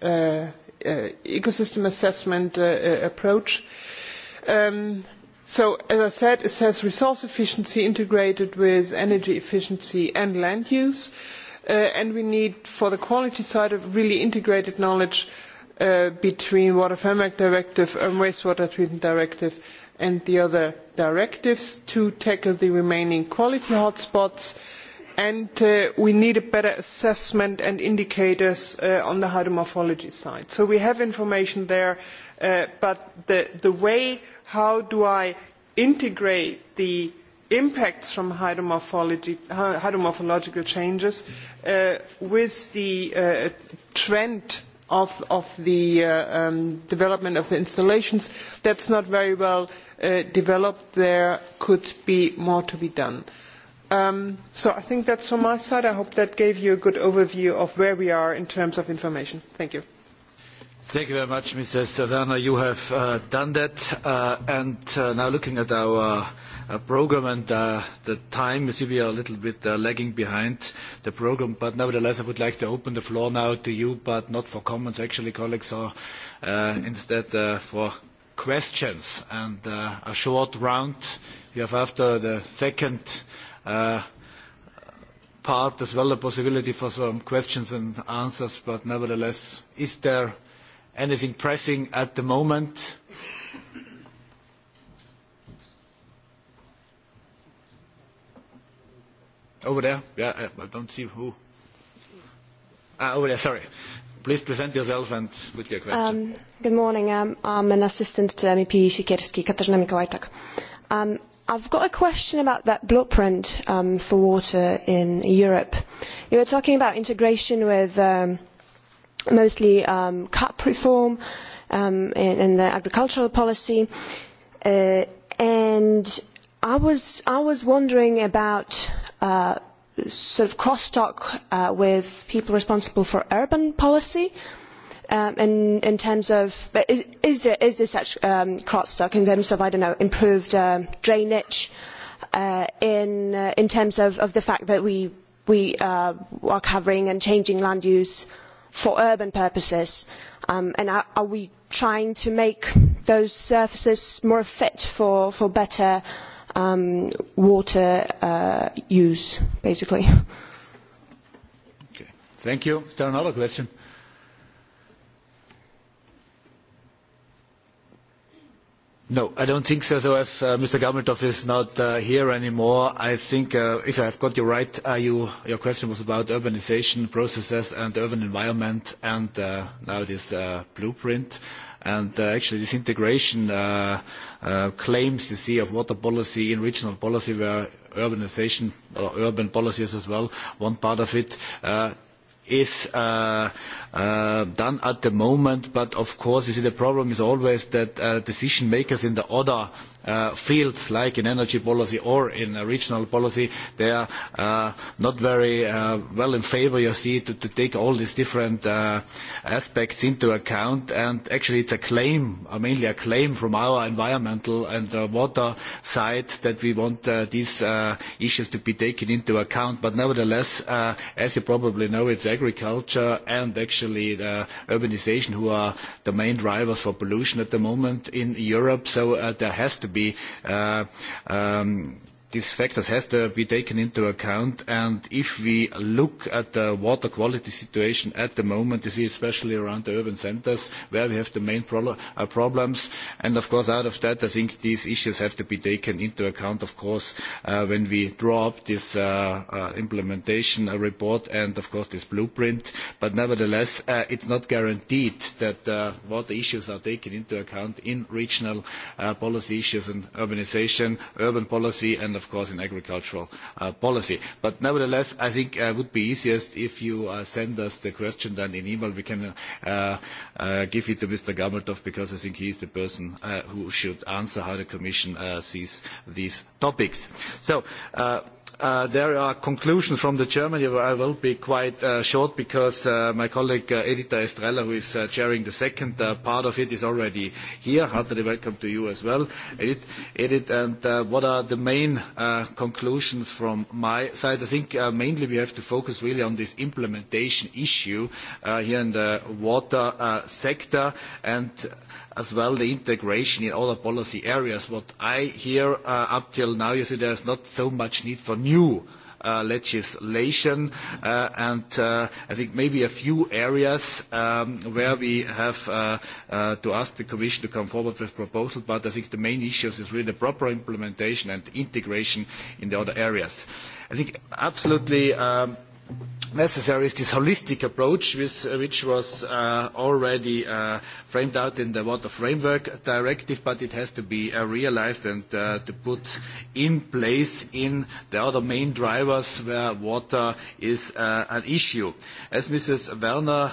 ecosystem assessment approach so as i said it says resource efficiency integrated with energy efficiency and land use and we need for the quality side of really integrated knowledge between water framework directive and wastewater treatment directive and the other directives to tackle the remaining quality hotspots and we need a better assessment and indicators on the hydromorphology side. so we have information there but the way how do I integrate the impacts from hydromorphological changes with the trend of the development of the installations. That's not very well developed. There could be more to be done. So I think that's from my side. I hope that gave you a good overview of where we are in terms of information. Thank you. Thank you very much, Mrs. Savana. You have done that. And now looking at our program and the time, we are a little bit lagging behind the program, but nevertheless, I would like to open the floor now to you, but not for comments. Actually, colleagues are instead for questions and a short round. You have after the second part as well the possibility for some questions and answers, but nevertheless, is there Anything pressing at the moment? Over there. Yeah, I don't see who. Over there, sorry. Please present yourself and with your question. Good morning. I'm an assistant to MEP Siekierski, Katarzyna Mikołajczak. I've got a question about that blueprint for water in Europe. You were talking about integration with mostly CAP reform and the agricultural policy. And I was wondering about sort of crosstalk with people responsible for urban policy in terms of is there such crosstalk in terms of, I don't know, improved drainage in terms of the fact that we are covering and changing land use for urban purposes and are we trying to make those surfaces more fit for for better water use basically? Thank you. Is another question? No, I don't think so. So as Mr. Gammeltoff is not here anymore, I think, if I have got you right, your question was about urbanization processes and urban environment and now this blueprint. And actually this integration claims you see of water policy in regional policy where urbanization or urban policies as well, one part of it is done at the moment, but of course, you see the problem is always that decision makers in the order fields like in energy policy or in regional policy they are not very well in favour you see to take all these different aspects into account and actually it's a claim mainly a claim from our environmental and water side that we want these issues to be taken into account but nevertheless as you probably know it's agriculture and actually urbanisation who are the main drivers for pollution at the moment in Europe so there has to be These factors have to be taken into account, and if we look at the water quality situation at the moment, you see especially around the urban centres where we have the main problems, and of course out of that I think these issues have to be taken into account, of course, when we draw up this implementation report and of course this blueprint. But nevertheless, it's not guaranteed that water issues are taken into account in regional policy issues and urbanisation, urban policy and of course, in agricultural policy. But nevertheless, I think it would be easiest if you send us the question then in email. We can give it to Mr. Gammeltoff because I think he is the person who should answer how the Commission sees these topics. So there are conclusions from the Germany. I will be quite short because my colleague Edita Estrella, who is chairing the second part of it, is already here. Heartily welcome to you as well, Edit. what are the main conclusions from my side? I think mainly we have to focus really on this implementation issue here in the water sector. And as well the integration in other policy areas. What I hear up till now you see there is not so much need for new legislation and I think maybe a few areas where we have to ask the Commission to come forward with proposals, but I think the main issues is really the proper implementation and integration in the other areas. I think absolutely necessary is this holistic approach which was already framed out in the water framework directive but it has to be realised and to put in place in the other main drivers where water is an issue. as mrs werner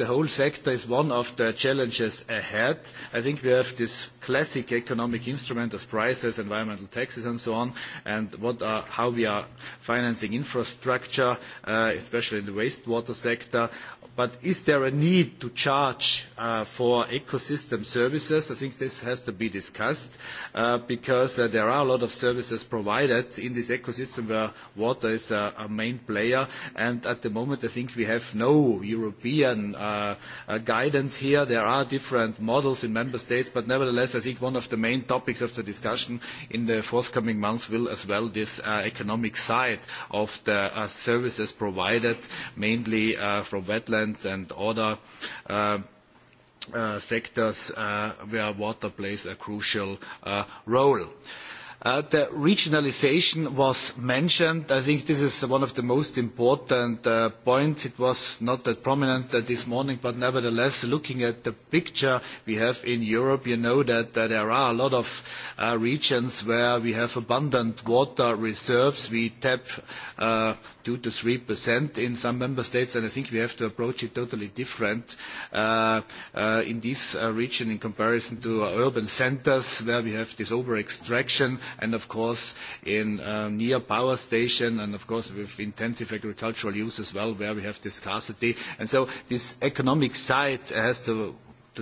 the whole sector is one of the challenges ahead. I think we have this classic economic instrument as prices, environmental taxes and so on, and how we are financing infrastructure, especially in the wastewater sector. But is there a need to charge for ecosystem services? I think this has to be discussed because there are a lot of services provided in this ecosystem where water is a main player. And at the moment, I think we have no European guidance here. There are different models in member states, but nevertheless, I think one of the main topics of the discussion in the forthcoming months will as well this economic side of the services provided, mainly from wetlands and other sectors where water plays a crucial role. The regionalisation was mentioned. I think this is one of the most important points. It was not that prominent this morning, but nevertheless, looking at the picture we have in Europe, you know that there are a lot of regions where we have abundant water reserves. We tap 2 to 3% in some member states, and I think we have to approach it totally different in this region in comparison to urban centres where we have this over-extraction and of course in near power station and of course with intensive agricultural use as well where we have this scarcity. And so this economic side has to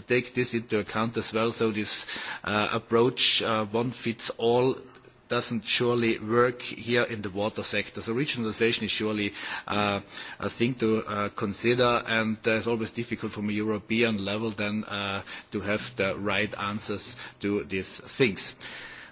take this into account as well. So this approach one fits all doesn't surely work here in the water sector. So regionalization is surely a thing to consider, and it's always difficult from a European level then to have the right answers to these things.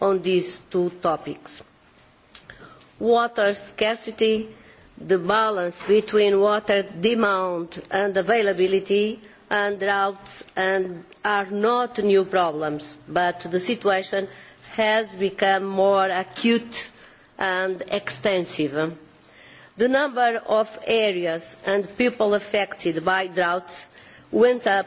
on these two topics. Water scarcity, the balance between water demand and availability and droughts are not new problems, but the situation has become more acute and extensive. The number of areas and people affected by droughts went up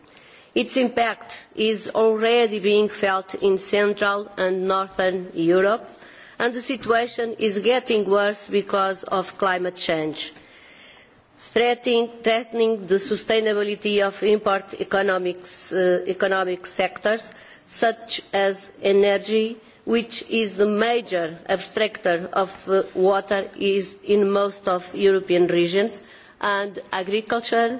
Its impact is already being felt in Central and Northern Europe, and the situation is getting worse because of climate change, threatening the sustainability of import economic sectors such as energy, which is the major abstractor of water in most of European regions, and agriculture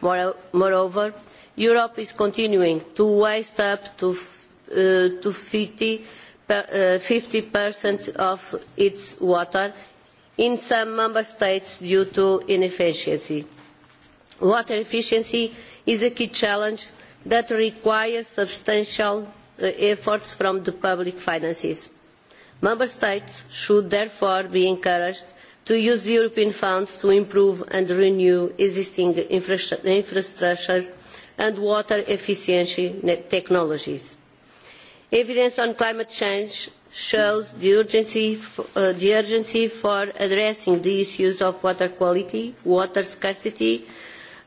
Moreover, Europe is continuing to waste up to 50% of its water in some member states due to inefficiency. Water efficiency is a key challenge that requires substantial efforts from the public finances. Member states should therefore be encouraged to use the European funds to improve and renew existing infrastructure and water efficiency technologies. Evidence on climate change shows the urgency for addressing the issues of water quality, water scarcity,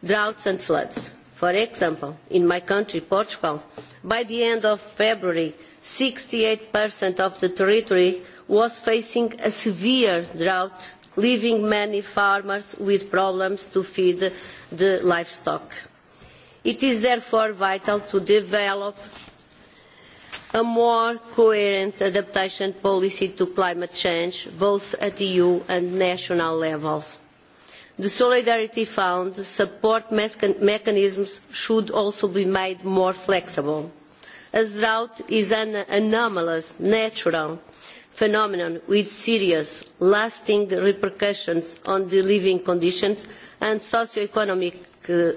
droughts and floods. For example, in my country, Portugal, by the end of February, 68% of the territory was facing a severe drought leaving many farmers with problems to feed the livestock. It is therefore vital to develop a more coherent adaptation policy to climate change, both at EU and national levels. The Solidarity Fund support mechanisms should also be made more flexible. As drought is an anomalous, natural phenomenon with serious, lasting repercussions on the living conditions and socio-economic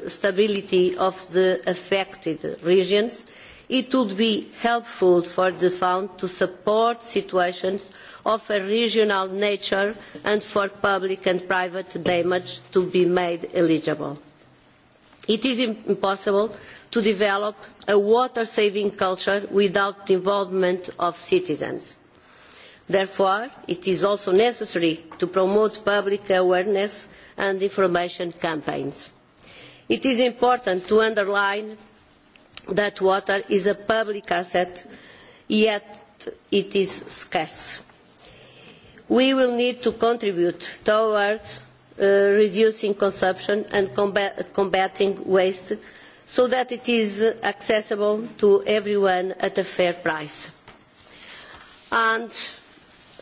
stability of the affected regions, it would be helpful for the Fund to support situations of a regional nature and for public and private damage to be made eligible. It is impossible to develop a water-saving culture without the involvement of citizens Therefore, it is also necessary to promote public awareness and information campaigns. It is important to underline that water is a public asset, yet it is scarce. We will need to contribute towards reducing consumption and combating waste so that it is accessible to everyone at a fair price. And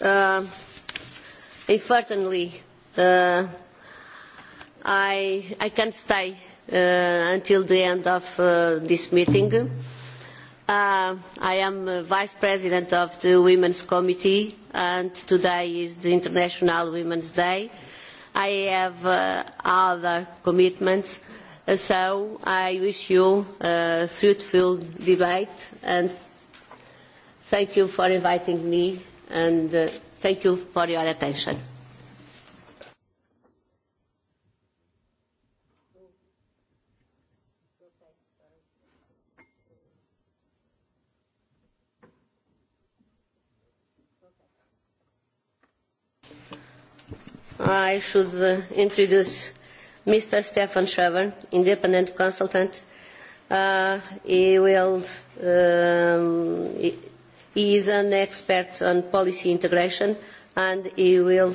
Unfortunately, I I can't stay until the end of this meeting. I am Vice President of the Women's Committee and today is the International Women's Day. I have other commitments, so I wish you a fruitful debate and thank you for inviting me and thank you for your attention. I should introduce Mr. Stefan Schrever, independent consultant. He will He is an expert on policy integration and he will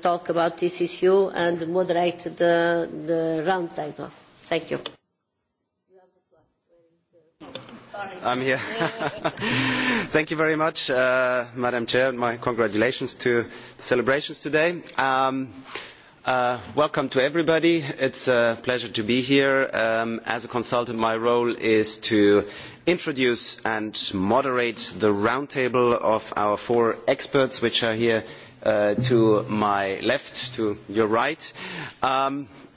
talk about this issue and moderate the, round table. Thank you. I'm here. Thank you very much, Madam Chair. My congratulations to the celebrations today. Welcome to everybody. It's a pleasure to be here. As a consultant, my role is to introduce and moderate the round table of our four experts, which are here to my left, to your right.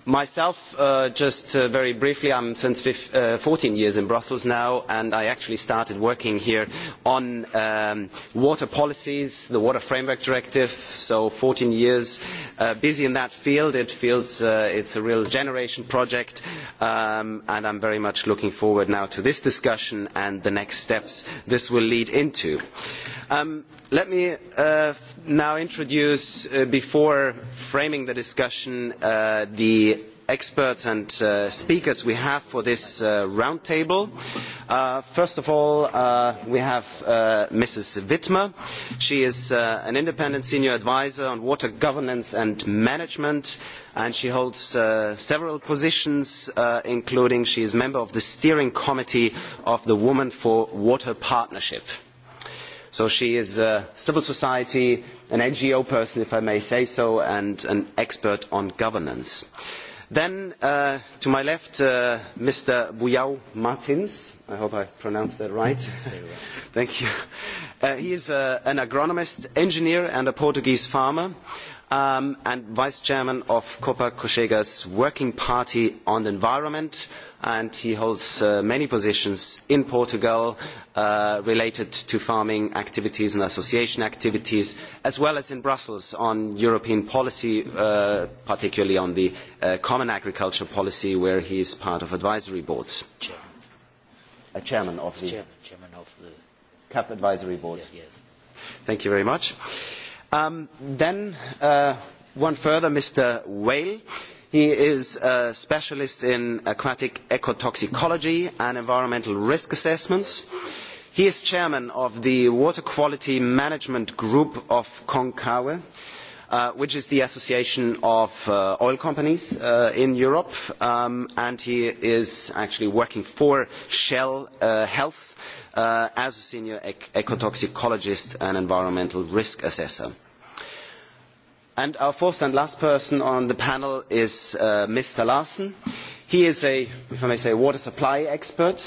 Myself, just very briefly, I'm since 14 years in Brussels now, and I actually started working here on water policies, the Water Framework Directive, so 14 years busy in that field. It feels it's a real generation project, and I'm very much looking forward now to this discussion and the next steps this will lead into. Let me now introduce, before framing the discussion, the experts and speakers we have for this roundtable. First of all, we have Mrs. Wittmer. She is an independent senior advisor on water governance and management, and she holds several positions, including she is member of the steering committee of the Women for Water Partnership. So she is a civil society, an NGO person, if I may say so, and an expert on governance. Then to my left, Mr. Buyao Martins. I hope I pronounced that right. Thank you. He is an agronomist, engineer, and a Portuguese farmer, and vice chairman of Copa Cochega's Working Party on the Environment and he holds many positions in Portugal related to farming activities and association activities, as well as in Brussels on European policy, particularly on the common agriculture policy, where he is part of advisory boards. Chairman of the CAP advisory board. Thank you very much. Then one further, Mr. Whale He is a specialist in aquatic ecotoxicology and environmental risk assessments. He is chairman of the Water Quality Management Group of Konkawa, which is the association of oil companies in Europe, and he is actually working for Shell Health as a senior ecotoxicologist and environmental risk assessor. And our fourth and last person on the panel is Mr. Larsen. He is a, if I may say, water supply expert,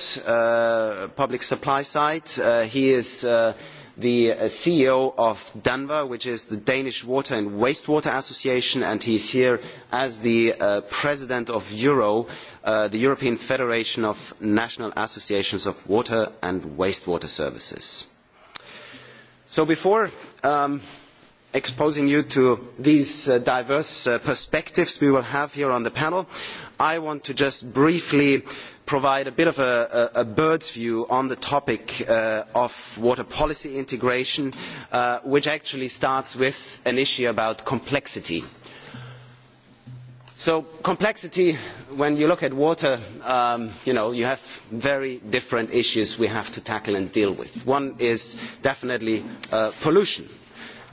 public supply side. He is the CEO of DANVA, which is the Danish Water and Wastewater Association, and he is here as the president of Euro, the European Federation of National Associations of Water and Wastewater Services. So before exposing you to these diverse perspectives we will have here on the panel. I want to just briefly provide a bit of a bird's view on the topic of water policy integration, which actually starts with an issue about complexity. So complexity, when you look at water, you have very different issues we have to tackle and deal with. One is definitely pollution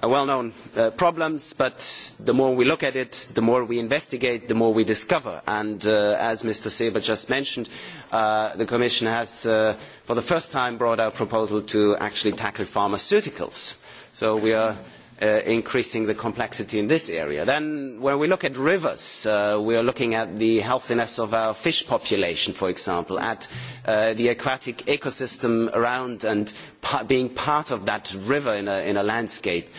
well known problems but the more we look at it the more we investigate the more we discover and as mr seeber just mentioned the commission has for the first time brought out a proposal to actually tackle pharmaceuticals so we are increasing the complexity in this area. Then when we look at rivers, we are looking at the healthiness of our fish population, for example, at the aquatic ecosystem around and being part of that river in a landscape.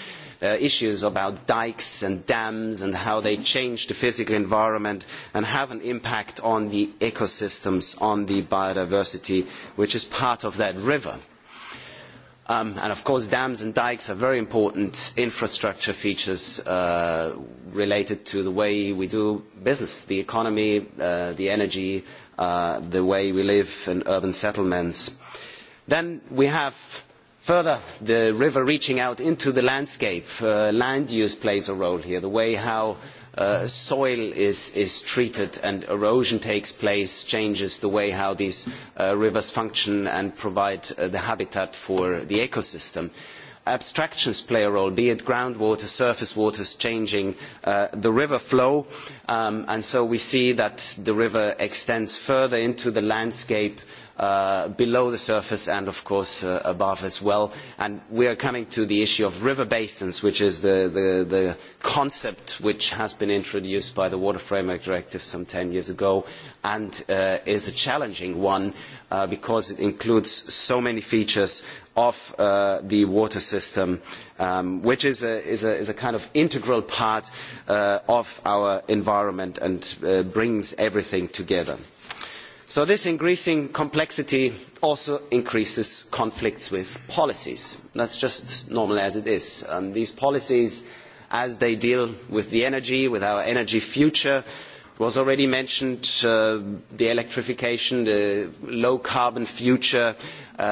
Issues about dikes and dams and how they change the physical environment and have an impact on the ecosystems, on the biodiversity, which is part of that river and of course dams and dikes are very important infrastructure features related to the way we do business the economy the energy the way we live in urban settlements then we have further the river reaching out into the landscape land use plays a role here the way how soil is treated and erosion takes place, changes the way how these rivers function and provide the habitat for the ecosystem. Abstractions play a role, be it groundwater, surface waters changing the river flow, and so we see that the river extends further into the landscape below the surface and of course above as well. And we are coming to the issue of river basins, which is the concept which has been introduced by the Water Framework Directive some 10 years ago and is a challenging one because it includes so many features of the water system, which is a kind of integral part of our environment and brings everything together. So this increasing complexity also increases conflicts with policies. That's just normal as it is. These policies, as they deal with the energy, with our energy future, was already mentioned the electrification, the low-carbon future,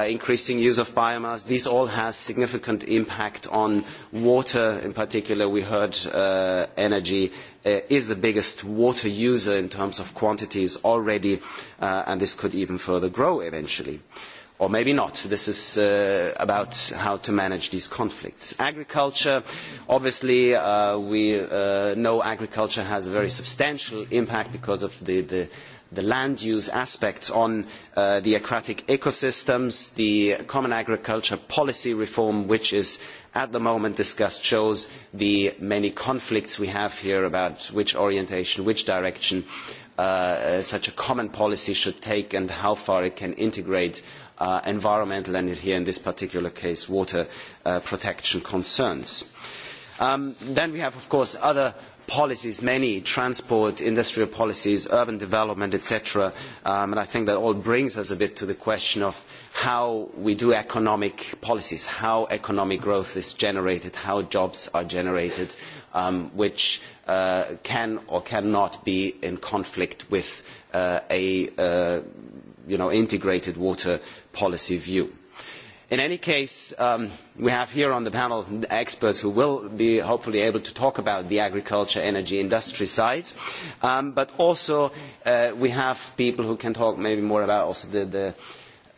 increasing use of biomass. These all has significant impact on water, in particular. We heard energy is the biggest water user in terms of quantities already, and this could even further grow eventually. Or maybe not. This is about how to manage these conflicts. Agriculture, obviously, we know agriculture has a very substantial impact because of the the land use aspects on the aquatic ecosystems. The common agriculture policy reform, which is at the moment discussed, shows the many conflicts we have here about which orientation, which direction such a common policy should take and how far it can integrate environmental and here in this particular case water protection concerns. Then we have, of course, other policies, many transport, industrial policies, urban development, etc. And I think that all brings us a bit to the question of how we do economic policies, how economic growth is generated, how jobs are generated, which can or cannot be in conflict with an integrated water policy view. In any case, we have here on the panel experts who will be hopefully able to talk about the agriculture, energy, industry side, but also we have people who can talk maybe more about also the,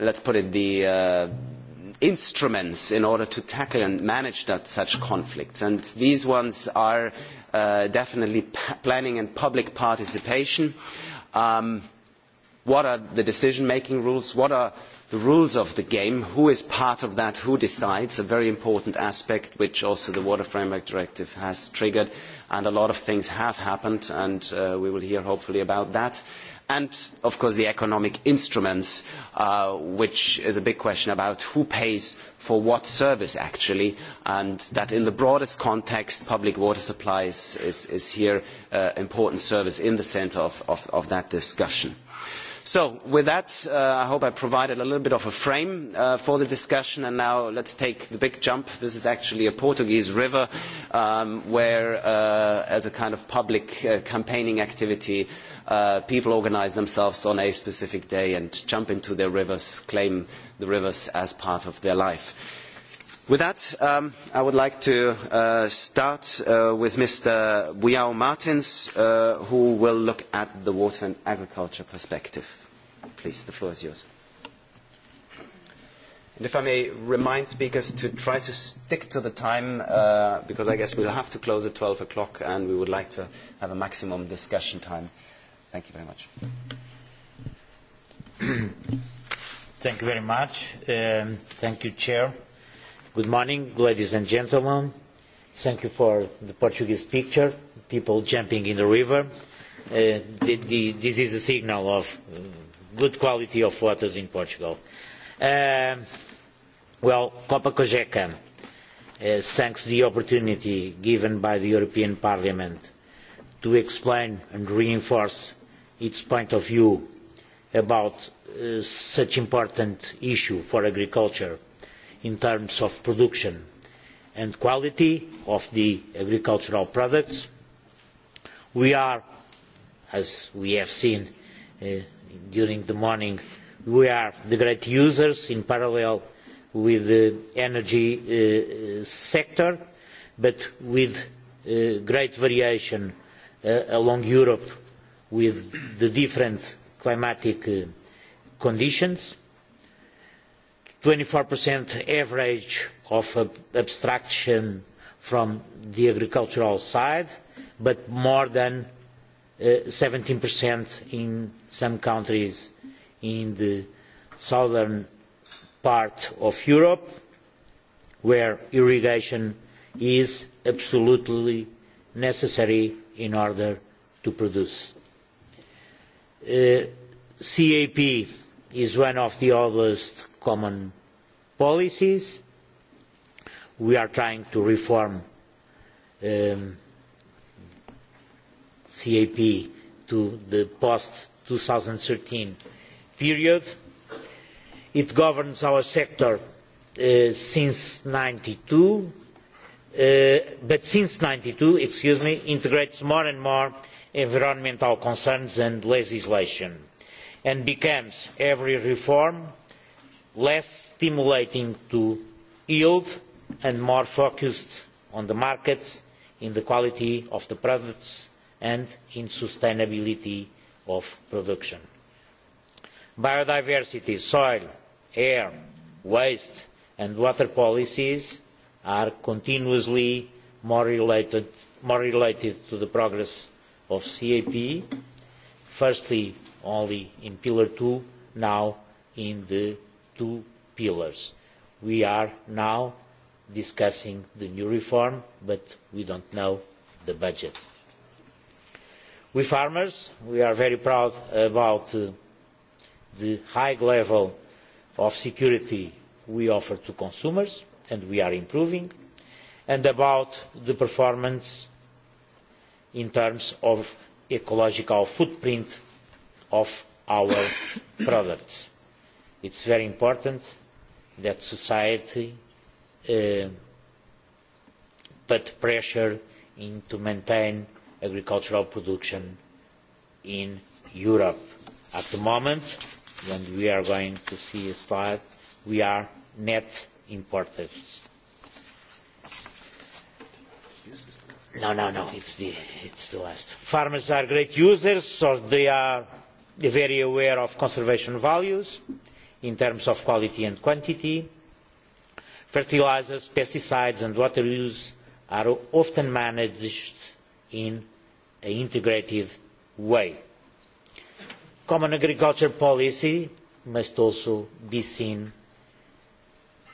let's put it, the instruments in order to tackle and manage such conflicts. And these ones are definitely planning and public participation. What are the decision-making rules? What are the rules of the game, who is part of that, who decides, a very important aspect which also the Water Framework Directive has triggered, and a lot of things have happened, and we will hear hopefully about that. And, of course, the economic instruments, which is a big question about who pays for what service, actually, and that in the broadest context, public water supplies is here an important service in the centre of that discussion. So with that, I hope I provided a little bit of a frame for the discussion, and now let's take the big jump. This is actually a Portuguese river where, as a kind of public campaigning activity, people organize themselves on a specific day and jump into their rivers, claim the rivers as part of their life. With that, I would like to start with Mr. Buyao Martins, who will look at the water and agriculture perspective please. The floor is yours. And if I may remind speakers to try to stick to the time, because I guess we'll have to close at 12 o'clock, and we would like to have a maximum discussion time. Thank you very much. Thank you very much. Thank you, Chair. Good morning, ladies and gentlemen. Thank you for the Portuguese picture, people jumping in the river. This is a signal of good quality of waters in Portugal. Well, Copa Cogeca, thanks to the opportunity given by the European Parliament to explain and reinforce its point of view about such important issue for agriculture in terms of production and quality of the agricultural products. We are, as we have seen during the morning, we are the great users in parallel with the energy sector, but with great variation along Europe with the different climatic conditions. 24% average of abstraction from the agricultural side, but more than 17% in some countries in the southern part of Europe, where irrigation is absolutely necessary in order to produce. CAP is one of the oldest common policies. We are trying to reform CAP to the post-2013 period. It governs our sector since 92, but since 92, excuse me, integrates more and more environmental concerns and legislation, and becomes every reform less stimulating to yield and more focused on the markets, in the quality of the products and in sustainability of production. Biodiversity, soil, air, waste and water policies are continuously more related to the progress of CAP, firstly only in Pillar 2, now in the two pillars. We are now discussing the new reform, but we don't know the budget. We farmers, we are very proud about the high level of security we offer to consumers, and we are improving, and about the performance in terms of ecological footprint of our products. It is very important that society put pressure into maintain agricultural production in Europe. At the moment, when we are going to see a slide, we are net importers. No, no, no, it's the, it's last. Farmers are great users, so they are very aware of conservation values in terms of quality and quantity. Fertilizers, pesticides and water use are often managed in an integrated way. Common agriculture policy must also be seen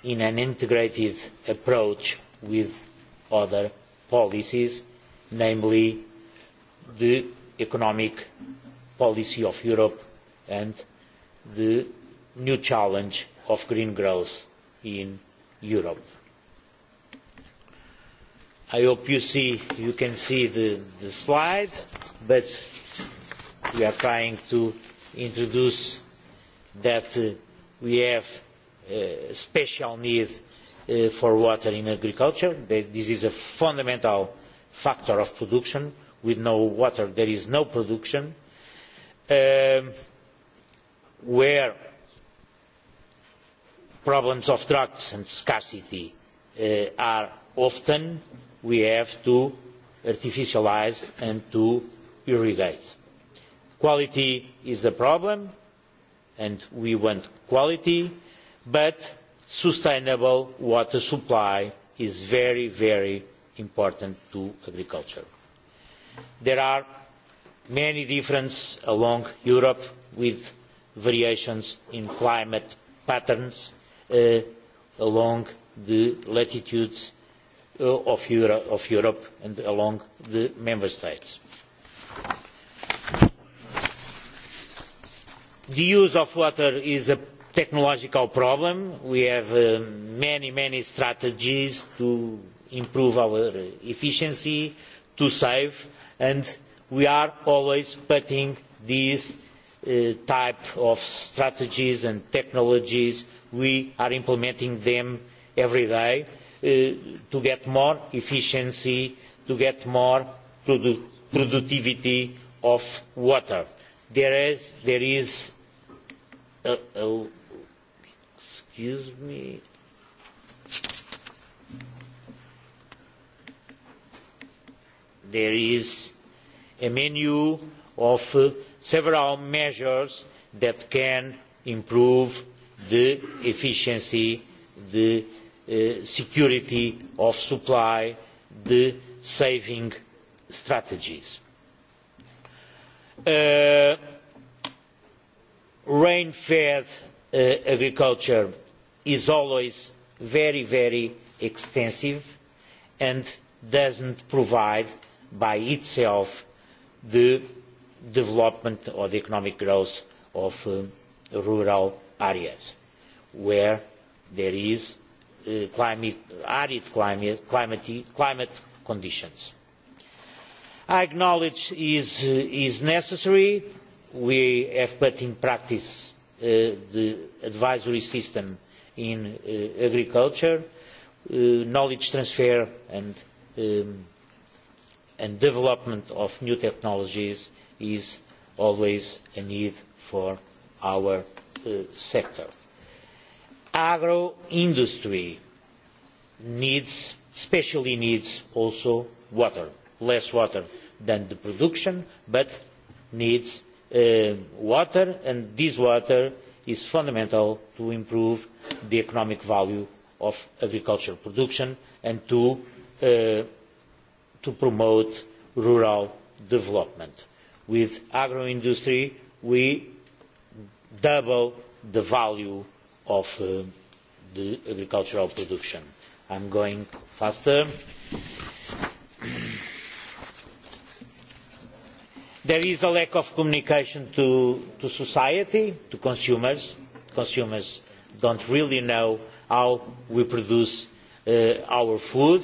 in an integrated approach with other policies, namely the economic policy of Europe and the new challenge of green growth in Europe. I hope you can see the slide, but we are trying to introduce that we have a special need for water in agriculture. This is a fundamental factor of production. With no water there is no production. Where problems of drugs and scarcity are often we have to artificialise and to irrigate. Quality is a problem and we want quality, but sustainable water supply is very, very important to agriculture. There are many differences along Europe with variations in climate patterns along the latitudes of Europe and along the member states. The use of water is a technological problem. We have many, many strategies to improve our efficiency, to save, and we are always putting these type of strategies and technologies. We are implementing them every day to get more efficiency, to get more productivity of water. There is, me, there is a menu of several measures that can improve the efficiency, the security of supply, the saving strategies. Rain-fed agriculture is always very, very extensive and doesn't provide by itself the development or the economic growth of rural areas where there is arid climate conditions. I acknowledge is necessary. We have put in practice the advisory system in agriculture, knowledge transfer and development of new technologies is always a need for our sector agro industry especially needs also water less water than the production but needs water and this water is fundamental to improve the economic value of agricultural production and to to promote rural development. With agro industry we double the value of the agricultural production. I'm going faster. There is a lack of communication to society, to consumers. Consumers don't really know how we produce our food.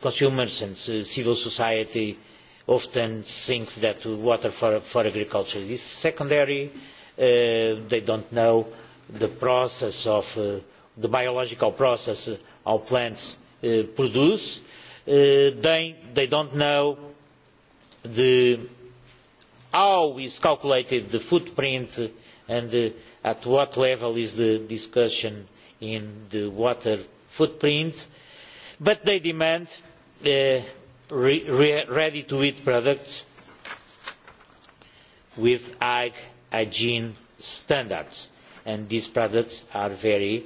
Consumers and civil society often think that water for agriculture is secondary They don't know the process of the biological process our plants produce. They don't know the how is calculated the footprint and at what level is the discussion in the water footprint. But they demand ready to eat products with high hygiene standards and these products are very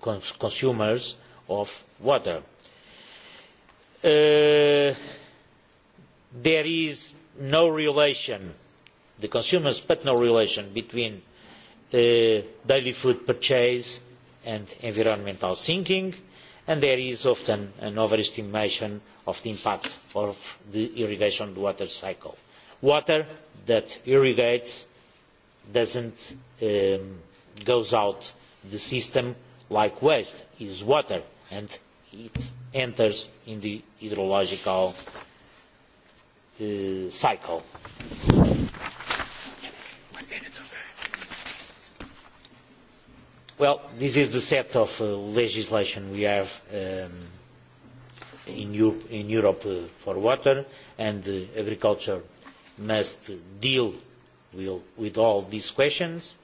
consumers of water. There is no relation, the consumers, but no relation between daily food purchase and environmental sinking, and there is often an overestimation of the impact of the irrigation water cycle. Water that irrigates doesn't goes out the system like waste is water and it enters in the hydrological cycle. Well, this is the set of legislation we have in Europe for water and agriculture must deal with all these questions.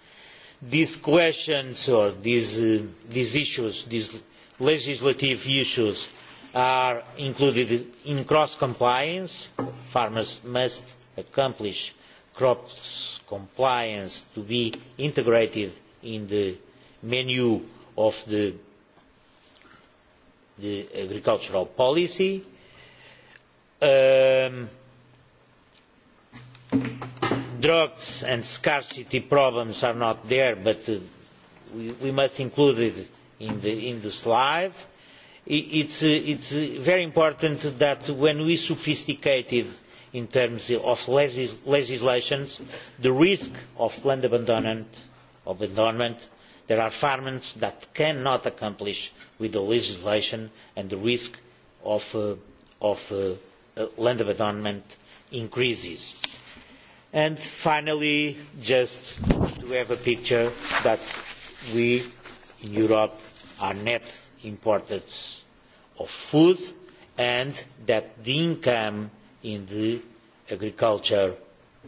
These questions or these issues, these legislative issues, are included in cross-compliance. Farmers must accomplish crops compliance to be integrated in the menu of the agricultural policy drugs and scarcity problems are not there, but we must include it in the slide. It's very important that when we sophisticated in terms of legislations, the risk of land abandonment, there are farmers that cannot accomplish with the legislation and the risk of land abandonment increases. And finally, just to have a picture that we in Europe are net importers of food and that the income in the agriculture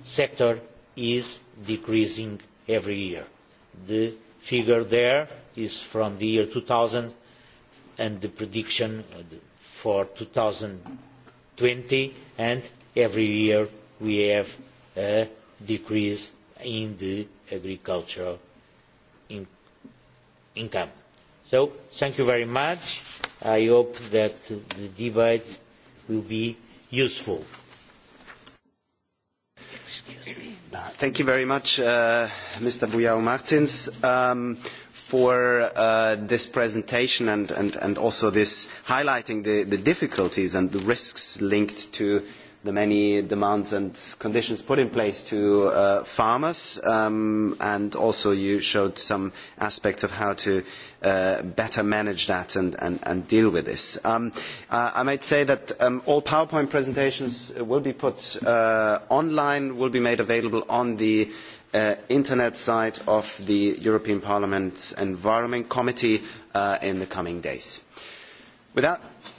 sector is decreasing every year. The figure there is from the year 2000 and the prediction for 2020 and every year we have a decrease in the agricultural income. So thank you very much. I hope that the debate will be useful. Thank you very much, Mr. Buyao Martins, for this presentation and also this highlighting the difficulties and the risks linked to the many demands and conditions put in place to farmers and also you showed some aspects of how to better manage that and deal with this. I might say that all PowerPoint presentations will be put online, will be made available on the internet site of the European Parliament Environment Committee in the coming days. Without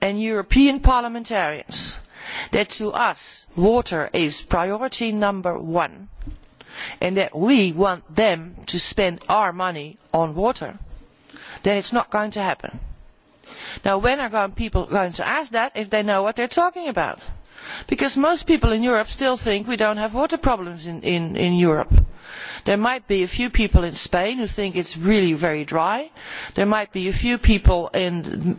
and European parliamentarians that to us water is priority number one and that we want them to spend our money on water, then it's not going to happen. Now, when are people going to ask that if they know what they are talking about? Because most people in Europe still think we don't have water problems in Europe. There might be a few people in Spain who think it it's really very dry. There might be a few people in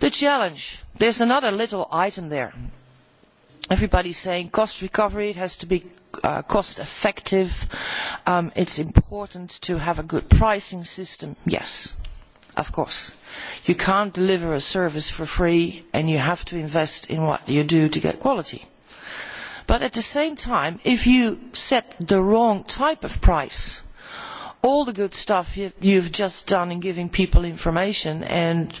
The challenge. There's another little item there. Everybody's saying cost recovery, has to be cost effective. It It's important to have a good pricing system. Yes, of course. You can't deliver a service for free and you have to invest in what you do to get quality. But at the same time, if you set the wrong type of price, all the good stuff you've just done in giving people information and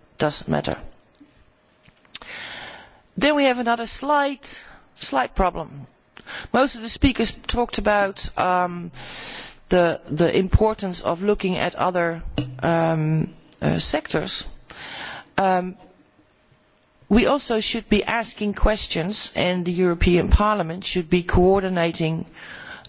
doesn't matter. Then we have another slight problem. Most of the speakers talked about the importance of looking at other sectors. We also should be asking questions and the European Parliament should be coordinating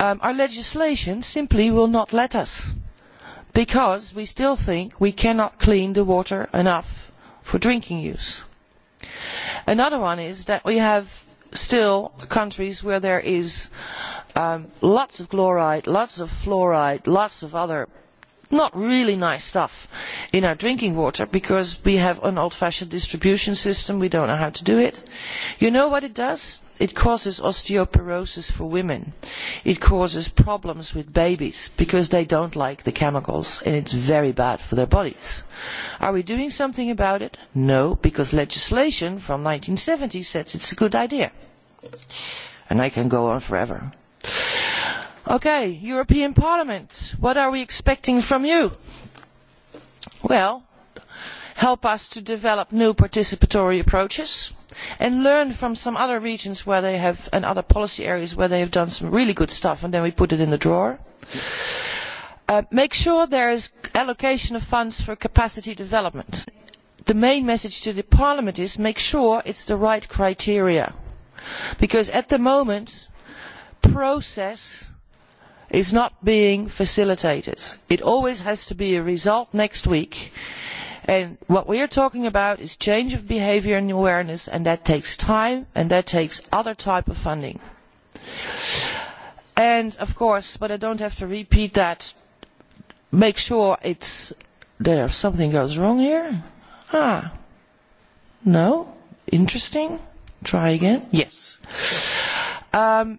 our legislation simply will not let us because we still think we cannot clean the water enough for drinking use. Another one is that we have still countries where there is lots of chloride, lots of fluoride, lots of other not really nice stuff in our drinking water because we have an old-fashioned distribution system. We don't know how to do it. You know what it does? It causes osteoporosis for women. It causes problems with babies because they don't like the chemicals and it's very bad for their bodies. Are we doing something about it? No, because legislation from 1970 says it's a good idea. And I can go on forever. Okay, European Parliament, what are we expecting from you? Well, help us to develop new participatory approaches and learn from some other regions where they have and other policy areas where they have done some really good stuff and then we put it in the drawer. Make sure there is allocation of funds for capacity development. The main message to Parliament is make sure it's the right criteria, because at the moment process is not being facilitated. It always has to be a result next week And what we are talking about is change of behaviour and awareness, and that takes time and that takes other type of funding. And of course, but I don't have to repeat that. Make sure it's there. Something goes wrong here. Ah, no, interesting. Try again. Yes. Um,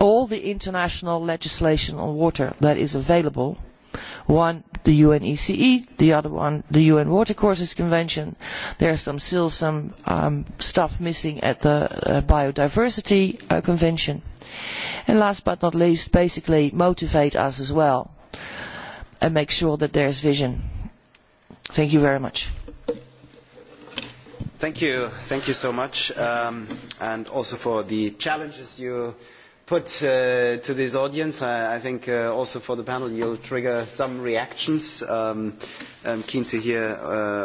all the international legislation on water that is available one the UNECE, the other one the un water courses convention there's some still some stuff missing at the biodiversity convention and last but not least basically motivate us as well and make sure that there is vision thank you very much thank you thank you so much and also for the challenges you put to this audience. I think also for the panel you'll trigger some reactions. I'm keen to hear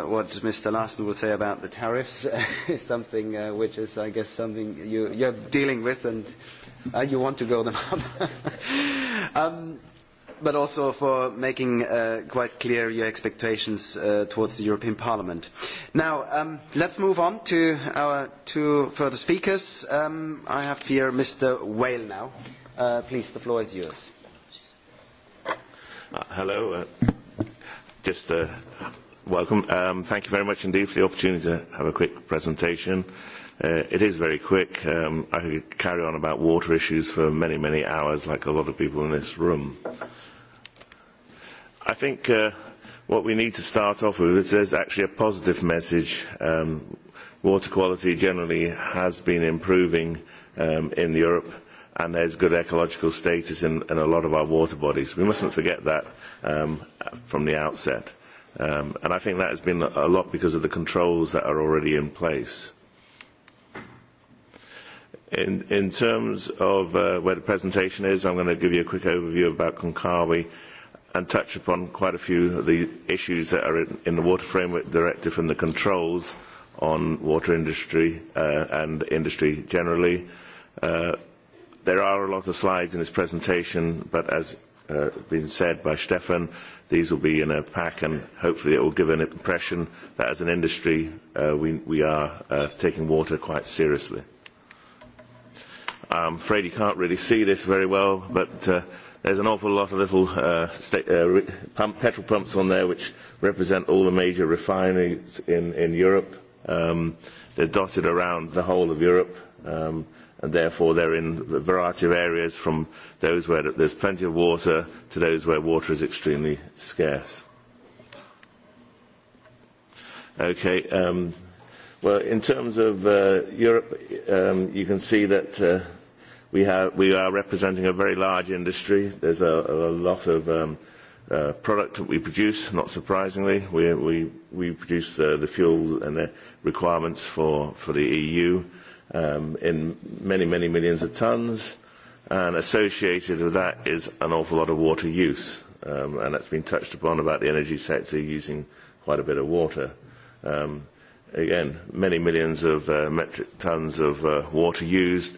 what Mr. Larsen will say about the tariffs. something which is, I guess, something you're dealing with and you want to go them up but also for making quite clear your expectations towards the European Parliament. Now, let's move on to our two further speakers. I have here Mr. Whale now. Please, the floor is yours. Hello. Just welcome. Thank you very much indeed for the opportunity to have a quick presentation. It is very quick. I could carry on about water issues for many, many hours, like a lot of people in this room. I think what we need to start off with is there's actually a positive message. Water quality generally has been improving in Europe and there's good ecological status in a lot of our water bodies. We mustn't forget that from the outset. And I think that has been a lot because of the controls that are already in place. In terms of where the presentation is, I'm going to give you a quick overview about Konkawi and touch upon quite a few of the issues that are in the Water Framework Directive and the controls on water industry and industry generally. There are a lot of slides in this presentation, but as has been said by Stefan, these will be in a pack and hopefully it will give an impression that as an industry we are taking water quite seriously. I'm afraid you can't really see this very well, but There's an awful lot of little petrol pumps on there which represent all the major refineries in Europe. They're dotted around the whole of Europe, and therefore they're in a variety of areas from those where there's plenty of water to those where water is extremely scarce. Okay. Well, in terms of Europe, you can see that We are representing a very large industry. There's a lot of product that we produce, not surprisingly. We produce the fuel and the requirements for the EU in many, many millions of tons. And associated with that is an awful lot of water use. And that's been touched upon about the energy sector using quite a bit of water. Again, many millions of metric tons of water used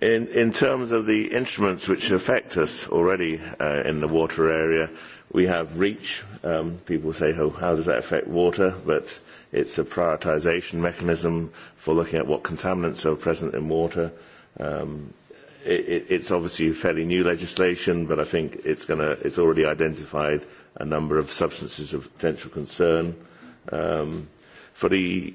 In terms of the instruments which affect us already in the water area, we have REACH. People say, how does that affect water? But it's a prioritization mechanism for looking at what contaminants are present in water. It's obviously fairly new legislation, but I think it's it's already identified a number of substances of potential concern. For the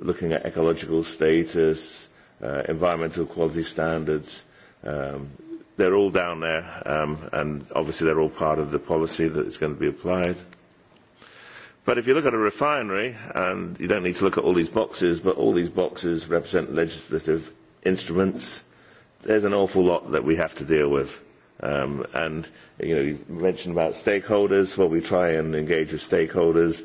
looking at ecological status, environmental quality standards. They're all down there, and obviously they're all part of the policy that is going to be applied. But if you look at a refinery, and you don't need to look at all these boxes, but all these boxes represent legislative instruments, there's an awful lot that we have to deal with. And you mentioned about stakeholders. Well, we try and engage with stakeholders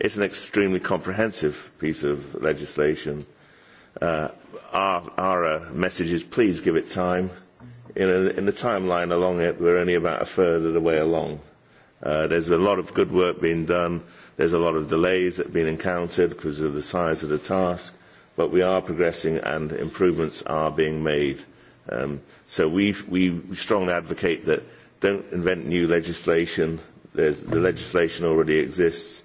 is an extremely comprehensive piece of legislation. Our message is please give it time. In the timeline along it, we're only about a third of the way along. There's a lot of good work being done. There's a lot of delays that have been encountered because of the size of the task, but we are progressing and improvements are being made. So we strongly advocate that don't invent new legislation. The legislation already exists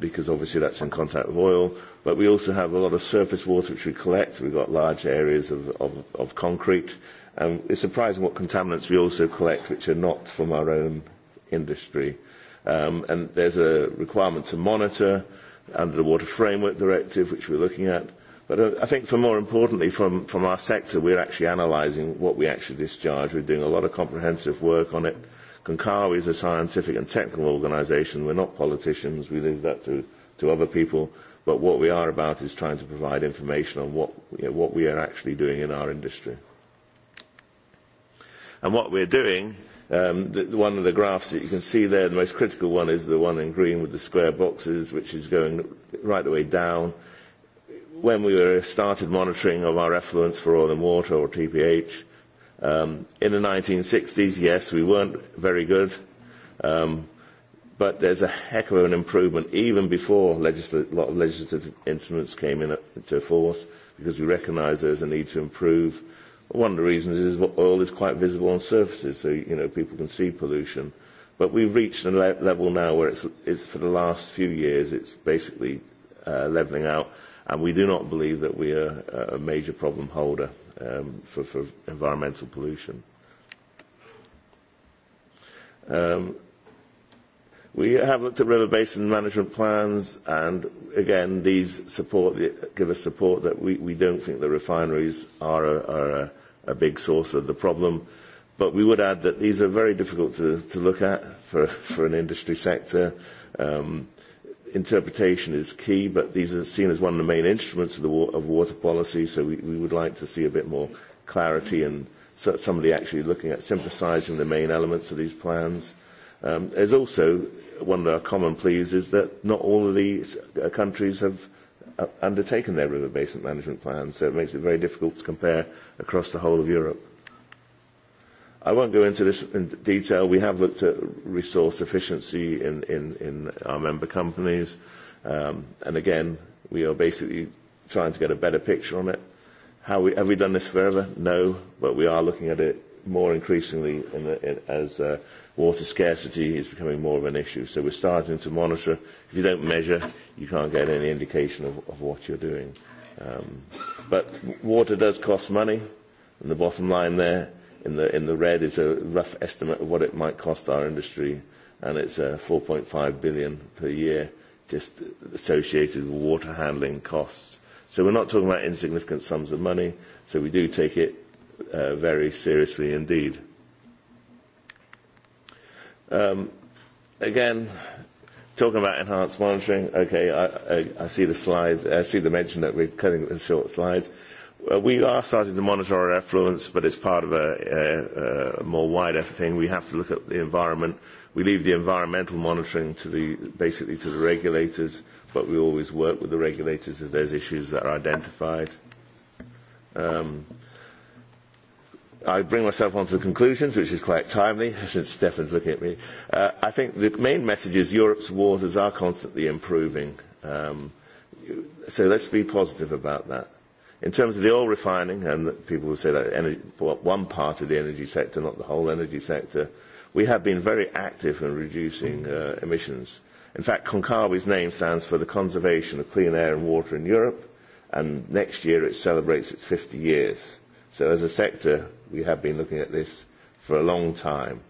because obviously that's in contact with oil. But we also have a lot of surface water which we collect. We've got large areas of concrete. And it's surprising what contaminants we also collect which are not from our own industry. And there's a requirement to monitor under the Water Framework Directive, which we're looking at. But I think, for more importantly, from our sector, we're actually analysing what we actually discharge. We're doing a lot of comprehensive work on it CONCAWI is a scientific and technical organisation. We're not politicians. We leave that to, to other people. But what we are about is trying to provide information on what, what we are actually doing in our industry. And what we're doing, um, the, one of the graphs that you can see there, the most critical one is the one in green with the square boxes, which is going right the way down. When we were started monitoring of our effluents for oil and water, or TPH, In the 1960s, yes, we weren't very good, but there's a heck of an improvement even before a lot of legislative instruments came into force because we recognise there's a need to improve. One of the reasons is oil is quite visible on surfaces, so you know people can see pollution. But we've reached a level now where it's, for the last few years, it's basically leveling out, and we do not believe that we are a major problem holder for for environmental pollution. We have looked at river basin management plans, and again, these support give us support that we we don't think the refineries are a big source of the problem. But we would add that these are very difficult to look at for an industry sector. Um interpretation is key, but these are seen as one of the main instruments of the of water policy, so we we would like to see a bit more clarity and somebody actually looking at synthesizing the main elements of these plans. Um There's also one of our common pleas is that not all of these countries have undertaken their river basin management plans, so it makes it very difficult to compare across the whole of Europe. I won't go into this in detail. We have looked at resource efficiency in our member companies. And again, we are basically trying to get a better picture on it. Have we done this forever? No, but we are looking at it more increasingly as water scarcity is becoming more of an issue. So we're starting to monitor. If you don't measure, you can't get any indication of what you're doing. But water does cost money, and the bottom line there in the red is a rough estimate of what it might cost our industry, and it's 4.5 billion per year just associated with water handling costs. So we're not talking about insignificant sums of money. So we do take it very seriously indeed. Again, talking about enhanced monitoring. Okay, I see the slides. I see the mention that we're cutting short slides. We are starting to monitor our effluents, but it's part of a more wider thing. We have to look at the environment. We leave the environmental monitoring to the basically to the regulators, but we always work with the regulators if there's issues that are identified. I bring myself on to the conclusions, which is quite timely, since Stefan's looking at me. I think the main message is Europe's waters are constantly improving. So let's be positive about that. In terms of the oil refining, and people will say that energy, one part of the energy sector, not the whole energy sector, we have been very active in reducing emissions. In fact, Konkawi's name stands for the Conservation of Clean Air and Water in Europe, and next year it celebrates its 50 years. So as a sector, we have been looking at this for a long time.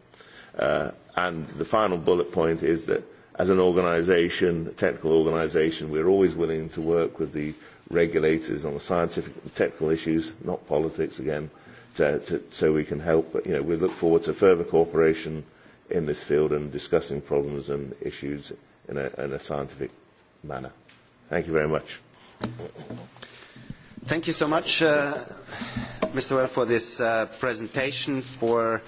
And the final bullet point is that as an organisation, a technical organisation, are always willing to work with the regulators on the scientific and technical issues, not politics again, so we can help. But, you know, we look forward to further cooperation in this field and discussing problems and issues in a scientific manner. Thank you very much. Thank you so much, Mr. Well, for this presentation, for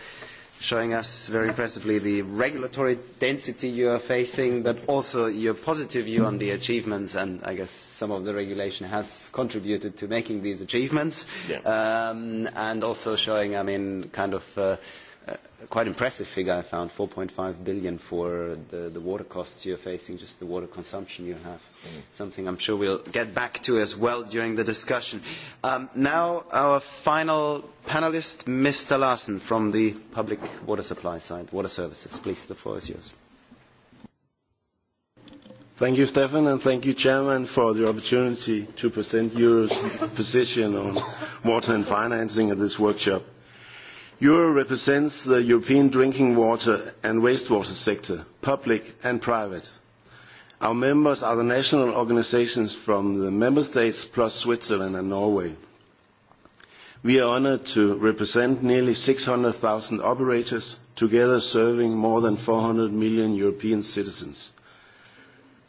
showing us very impressively the regulatory density you are facing, but also your positive view on the achievements and, I guess, some of the regulation has contributed to making these achievements and also showing, I mean, kind of quite impressive figure I found, 4.5 billion for the water costs you're facing, just the water consumption you have. Something I'm sure we'll get back to as well during the discussion. Now our final panelist, Mr. Larsen from the Public Water Supply side, Water Services. Please, the floor is yours. Thank you, Stefan, and thank you, Chairman, for the opportunity to present Euro's position on water and financing at this workshop. Euro represents the European drinking water and wastewater sector, public and private. Our members are the national organisations from the member states plus Switzerland and Norway. We are honoured to represent nearly 600,000 operators, together serving more than 400 million European citizens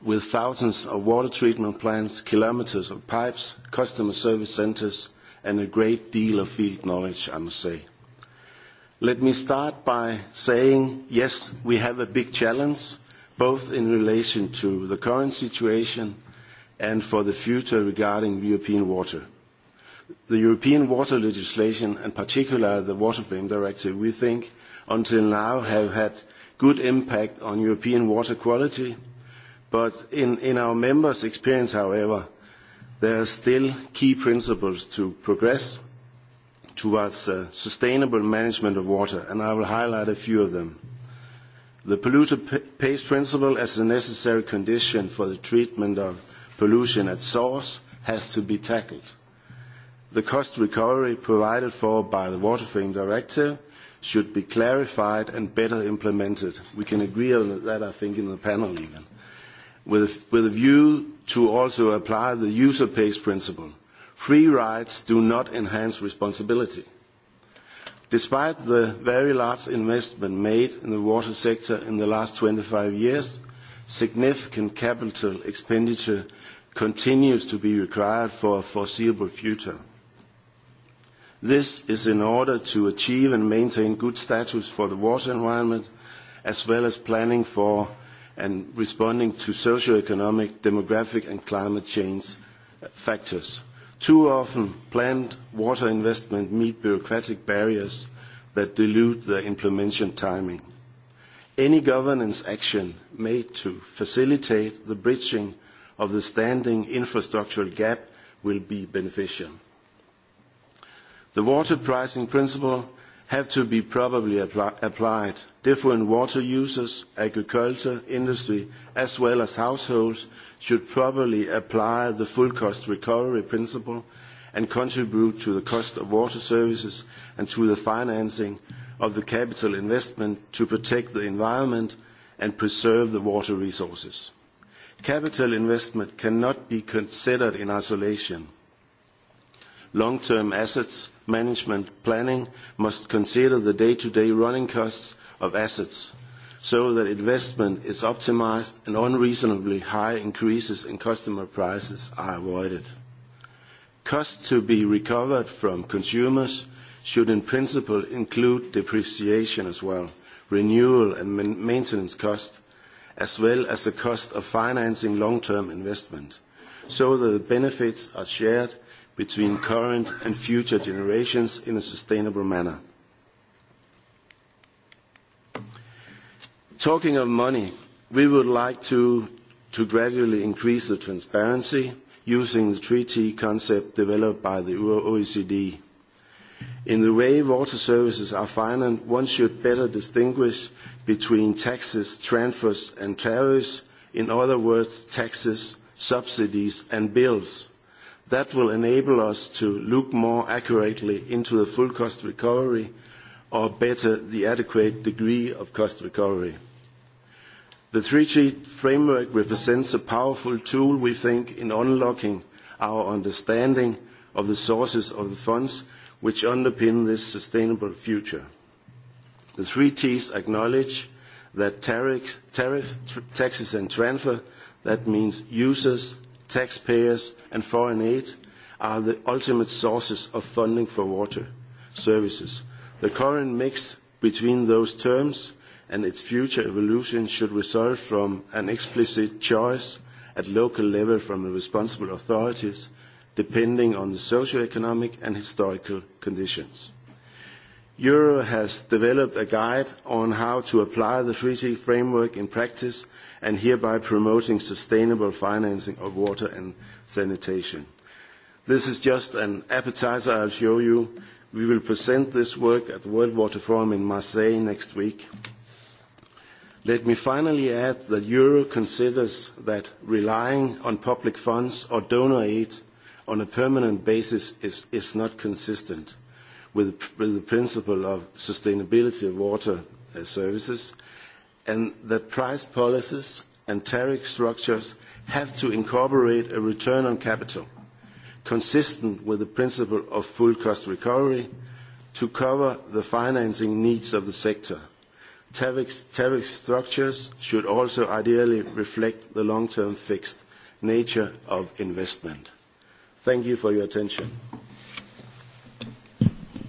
with thousands of water treatment plants, kilometers of pipes, customer service centers, and a great deal of field knowledge, I must say. Let me start by saying, yes, we have a big challenge, both in relation to the current situation and for the future regarding European water. The European water legislation, and particularly the Water Frame Directive, we think, until now have had good impact on European water quality But in our members' experience, however, there are still key principles to progress towards sustainable management of water, and I will highlight a few of them. The polluter pays principle as a necessary condition for the treatment of pollution at source has to be tackled. The cost recovery provided for by the Water Frame Directive should be clarified and better implemented. We can agree on that, I think, in the panel even with a view to also apply the user pays principle. Free rights do not enhance responsibility. Despite the very large investment made in the water sector in the last 25 years, significant capital expenditure continues to be required for a foreseeable future. This is in order to achieve and maintain good status for the water environment, as well as planning for and responding to socio-economic, demographic and climate change factors. Too often, planned water investment meet bureaucratic barriers that dilute the implementation timing. Any governance action made to facilitate the bridging of the standing infrastructural gap will be beneficial. The water pricing principle have to be probably applied. Different water users, agriculture, industry, as well as households should probably apply the full cost recovery principle and contribute to the cost of water services and to the financing of the capital investment to protect the environment and preserve the water resources. Capital investment cannot be considered in isolation Long-term assets management planning must consider the day-to-day running costs of assets so that investment is optimised and unreasonably high increases in customer prices are avoided. Costs to be recovered from consumers should in principle include depreciation as well, renewal and maintenance costs, as well as the cost of financing long-term investment, so that the benefits are shared between current and future generations in a sustainable manner. Talking of money, we would like to gradually increase the transparency using the treaty concept developed by the OECD. In the way water services are financed, one should better distinguish between taxes, transfers and tariffs, in other words, taxes, subsidies and bills. That will enable us to look more accurately into the full cost recovery or better the adequate degree of cost recovery. The 3G framework represents a powerful tool, we think, in unlocking our understanding of the sources of the funds which underpin this sustainable future. The 3Ts acknowledge that tariff, taxes and transfer, that means users, taxpayers and foreign aid are the ultimate sources of funding for water services. The current mix between those terms and its future evolution should result from an explicit choice at local level from the responsible authorities, depending on the socio-economic and historical conditions. Euro has developed a guide on how to apply the treaty framework in practice and hereby promoting sustainable financing of water and sanitation. This is just an appetizer I'll show you. We will present this work at the World Water Forum in Marseille next week. Let me finally add that Euro considers that relying on public funds or donor aid on a permanent basis is not consistent with the principle of sustainability of water services, and that price policies and tariff structures have to incorporate a return on capital consistent with the principle of full cost recovery to cover the financing needs of the sector. Tariff structures should also ideally reflect the long-term fixed nature of investment. Thank you for your attention.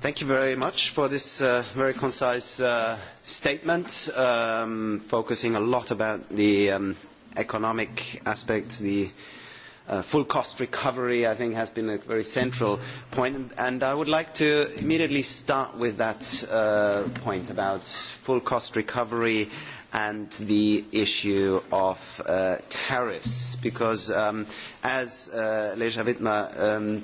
Thank you very much for this very concise statement, focusing a lot about the economic aspects, the full cost recovery, I think, has been a very central point. And I would like to immediately start with that point about full cost recovery and the issue of tariffs, because as Leja Wittmer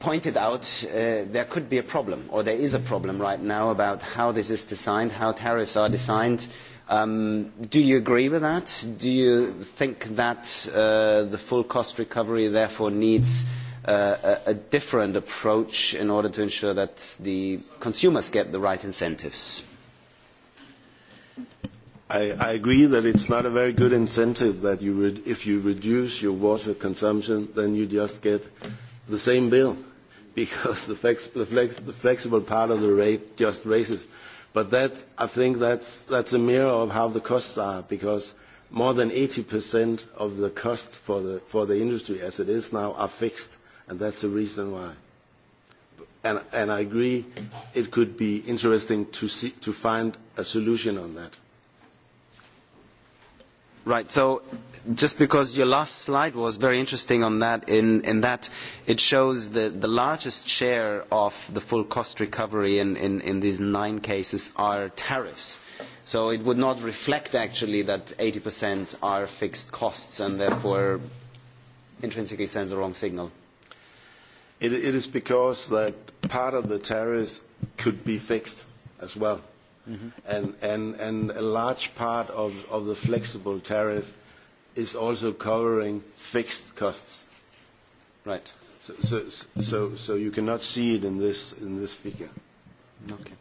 pointed out there could be a problem or there is a problem right now about how this is designed how tariffs are designed do you agree with that do you think that the full cost recovery therefore needs a different approach in order to ensure that the consumers get the right incentives I agree that it's not a very good incentive that you if you reduce your water consumption then you just get the same bill because the flexible part of the rate just raises. But that, I think that's a mirror of how the costs are, because more than 80% of the costs for the industry as it is now are fixed, and that's the reason why. And I agree, it could be interesting to find a solution on that. Right. So just because your last slide was very interesting on that, in that it shows that the largest share of the full cost recovery in these nine cases are tariffs. So it would not reflect actually that 80% are fixed costs and therefore intrinsically sends the wrong signal. It is because that part of the tariffs could be fixed as well and a large part of the flexible tariff is also covering fixed costs. Right. So you cannot see it in this figure. Okay.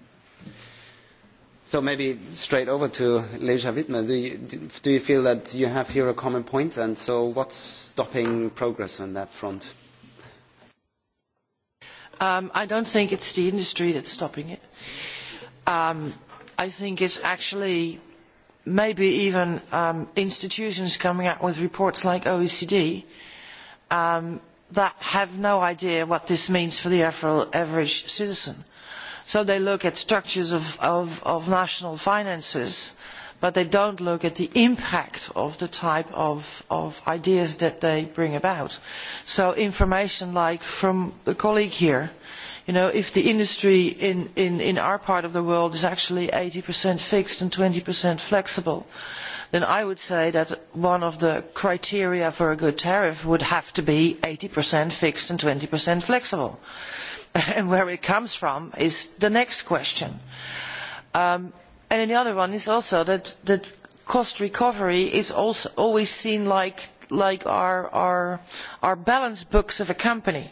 So maybe straight over to Leja Do you feel that you have here a common point, and so what's stopping progress on that front? I don't think it's the industry that's stopping it. I think it's actually maybe even institutions coming out with reports like OECD that have no idea what this means for the average citizen. So they look at structures of national finances, but they don't look at the impact of the type of ideas that they bring about. So information like from the colleague here if the industry in our part of the world is actually 80% fixed and 20% flexible, then I would say that one of the criteria for a good tariff would have to be 80% fixed and 20% flexible. And where it comes from is the next question. And the other one is also that cost recovery is always seen like our balance books of a company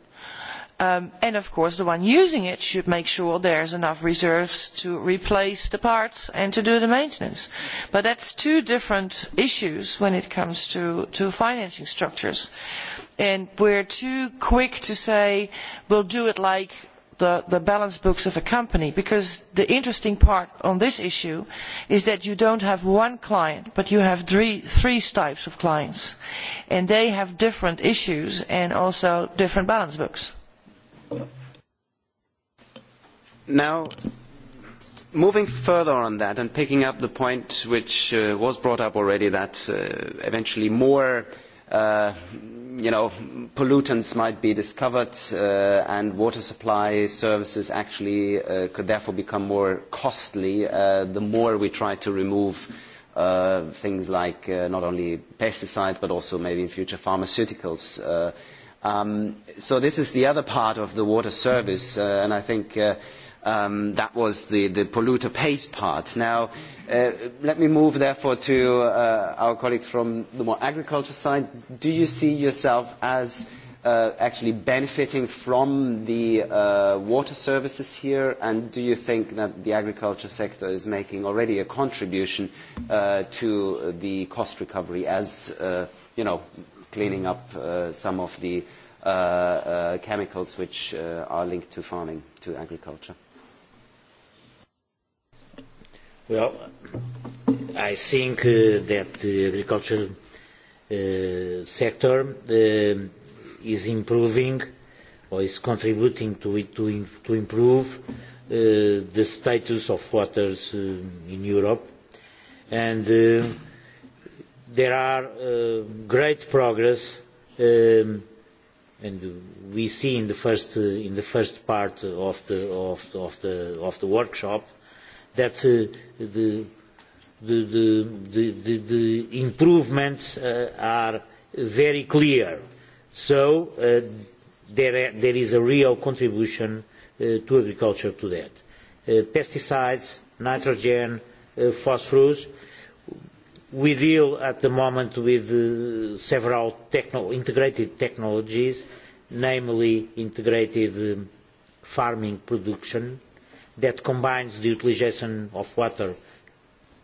and of course the one using it should make sure there is enough reserves to replace the parts and to do the maintenance but that's two different issues when it comes to financing structures and are too quick to say we'll do it like the balance books of a company because the interesting part on this issue is that you don't have one client but you have three types of clients and they have different issues and also different balance books Now, moving further on that and picking up the point which was brought up already that eventually more pollutants might be discovered and water supply services actually could therefore become more costly the more we try to remove things like not only pesticides but also maybe in future pharmaceuticals So this is the other part of the water service, and I think that was the polluter pays part. Now, let me move therefore to our colleagues from the more agriculture side. Do you see yourself as actually benefiting from the water services here, and do you think that the agriculture sector is making already a contribution to the cost recovery as, you know, cleaning up some of the chemicals which are linked to farming, to agriculture. Well, I think that the agricultural sector is improving or is contributing to improve the status of waters in Europe and there are great progress and we see in the first part of the workshop that the improvements are very clear so there is a real contribution to agriculture to that pesticides nitrogen phosphorus We deal at the moment with several integrated technologies, namely integrated farming production that combines the utilisation of water,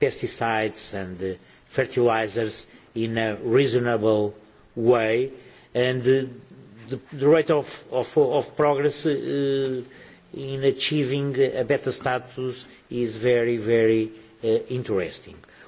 pesticides and fertilisers in a reasonable way and the rate of progress in achieving a better status is very, very interesting.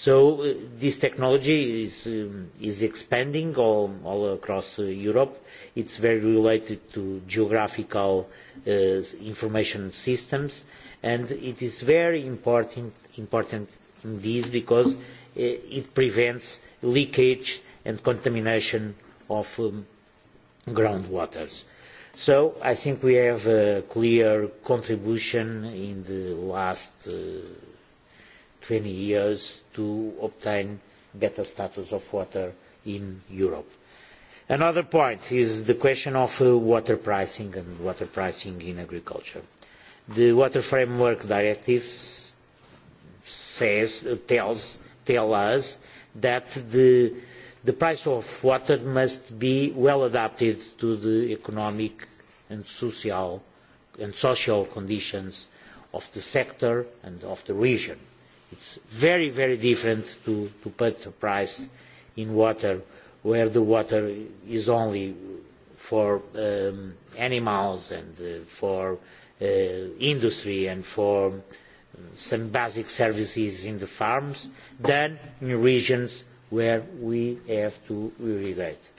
So this technology is expanding all across Europe. It's very related to geographical information systems, and it is very important in this because it prevents leakage and contamination of groundwaters. So I think we have a clear contribution in the last 20 years to obtain better status of water in Europe. Another point is the question of water pricing and water pricing in agriculture. The Water Framework Directive tells us that the price of water must be well adapted to the economic and social conditions of the sector and of the region It's very, very different to put a price in water where the water is only for animals and for industry and for some basic services in the farms than in regions where we have to irrigate.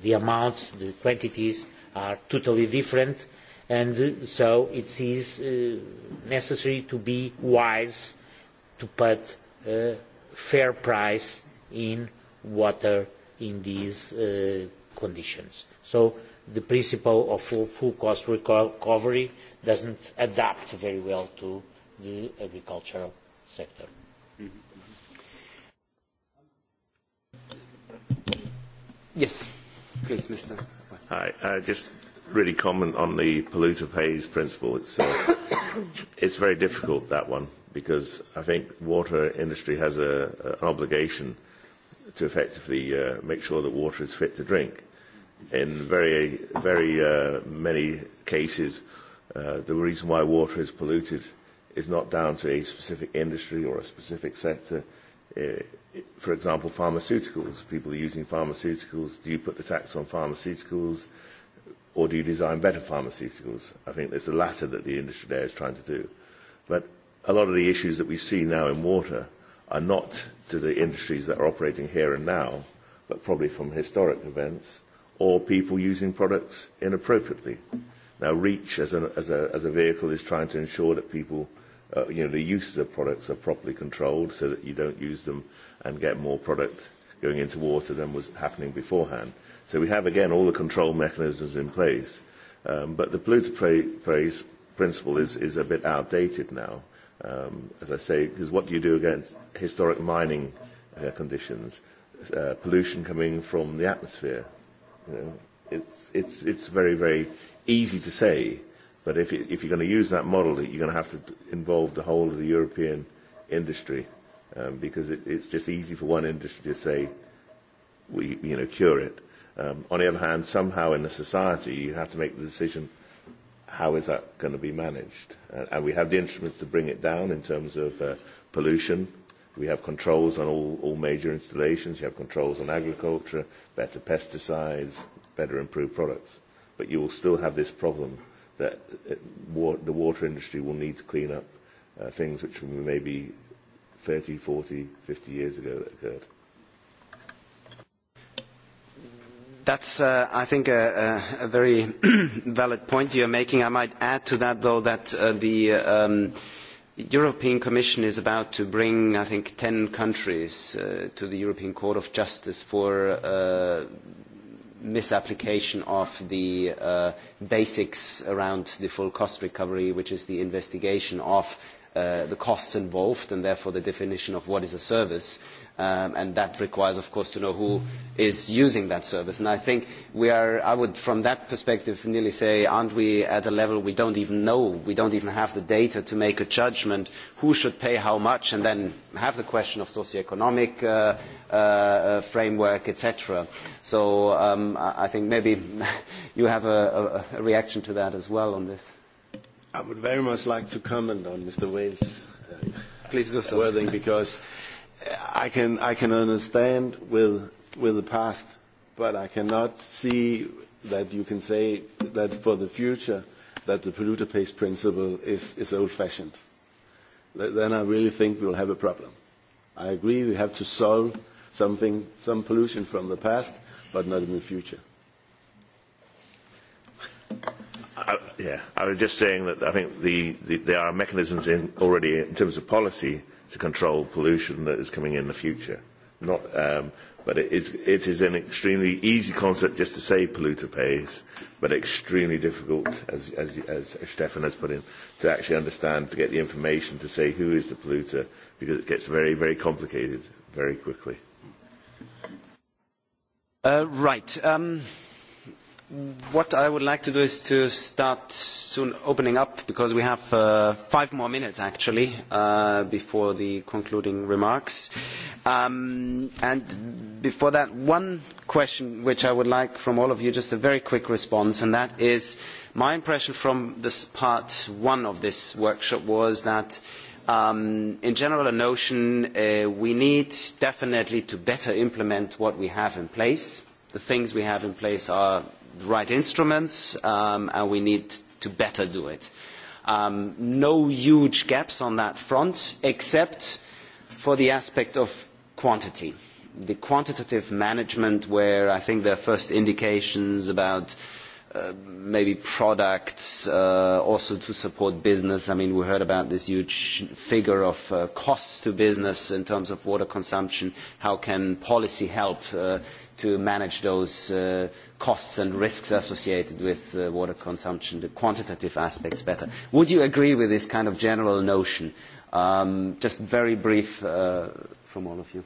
The amounts, the quantities are totally different and so it is necessary to be wise to put a fair price in water in these conditions. So the principle of full cost recovery doesn't adapt very well to the agricultural sector. Yes, please, Mr. I just really comment on the polluter pays principle. It's very difficult, that one because I think water industry has an obligation to effectively make sure that water is fit to drink. In very, very many cases, the reason why water is polluted is not down to a specific industry or a specific sector. For example, pharmaceuticals. People are using pharmaceuticals. Do you put the tax on pharmaceuticals, or do you design better pharmaceuticals? I think it's the latter that the industry there is trying to do. But a lot of the issues that we see now in water are not to the industries that are operating here and now, but probably from historic events or people using products inappropriately. Now, REACH as a, as a, as a vehicle is trying to ensure that people, you know, the uses of products are properly controlled so that you don't use them and get more product going into water than was happening beforehand. So we have, again, all the control mechanisms in place. Um, but the polluter phrase principle is, is a bit outdated now as I say, because what do you do against historic mining conditions, pollution coming from the atmosphere? You know, it's it's it's very very easy to say, but if if you're going to use that model, you're going to have to involve the whole of the European industry, because it's just easy for one industry to say, we you know cure it. On the other hand, somehow in a society you have to make the decision how is that going to be managed? And we have the instruments to bring it down in terms of pollution. We have controls on all, all major installations. You have controls on agriculture, better pesticides, better improved products. But you will still have this problem that the water industry will need to clean up things which were maybe 30, 40, 50 years ago that occurred. That's, I think, a very valid point you are making. I might add to that, though, that the European Commission is about to bring, I think, 10 countries to the European Court of Justice for misapplication of the basics around the full cost recovery, which is the investigation of the costs involved and therefore the definition of what is a service and that requires of course to know who is using that service and I think we are I would from that perspective nearly say aren't we at a level we don't even know we don't even have the data to make a judgment who should pay how much and then have the question of socio-economic framework etc so I think maybe you have a reaction to that as well on this I would very much like to comment on Mr. Wales' Please do so. wording because I can I can understand with with the past, but I cannot see that you can say that for the future that the polluter pays principle is is old-fashioned. Then I really think we'll have a problem. I agree we have to solve something, some pollution from the past, but not in the future. Yeah, I was just saying that I think the there are mechanisms in already in terms of policy to control pollution that is coming in the future. Not, but it is it is an extremely easy concept just to say polluter pays, but extremely difficult, as as as Stefan has put in, to actually understand to get the information to say who is the polluter because it gets very very complicated very quickly. Right. What I would like to do is to start soon opening up because we have five more minutes actually before the concluding remarks. And before that, one question which I would like from all of you, just a very quick response, and that is my impression from this part one of this workshop was that in general a notion we need definitely to better implement what we have in place. The things we have in place are the right instruments, and we need to better do it. No huge gaps on that front, except for the aspect of quantity. The quantitative management, where I think there are first indications about maybe products also to support business. I mean, we heard about this huge figure of costs to business in terms of water consumption. How can policy help to manage those costs and risks associated with water consumption, the quantitative aspects better? Would you agree with this kind of general notion? Just very brief from all of you.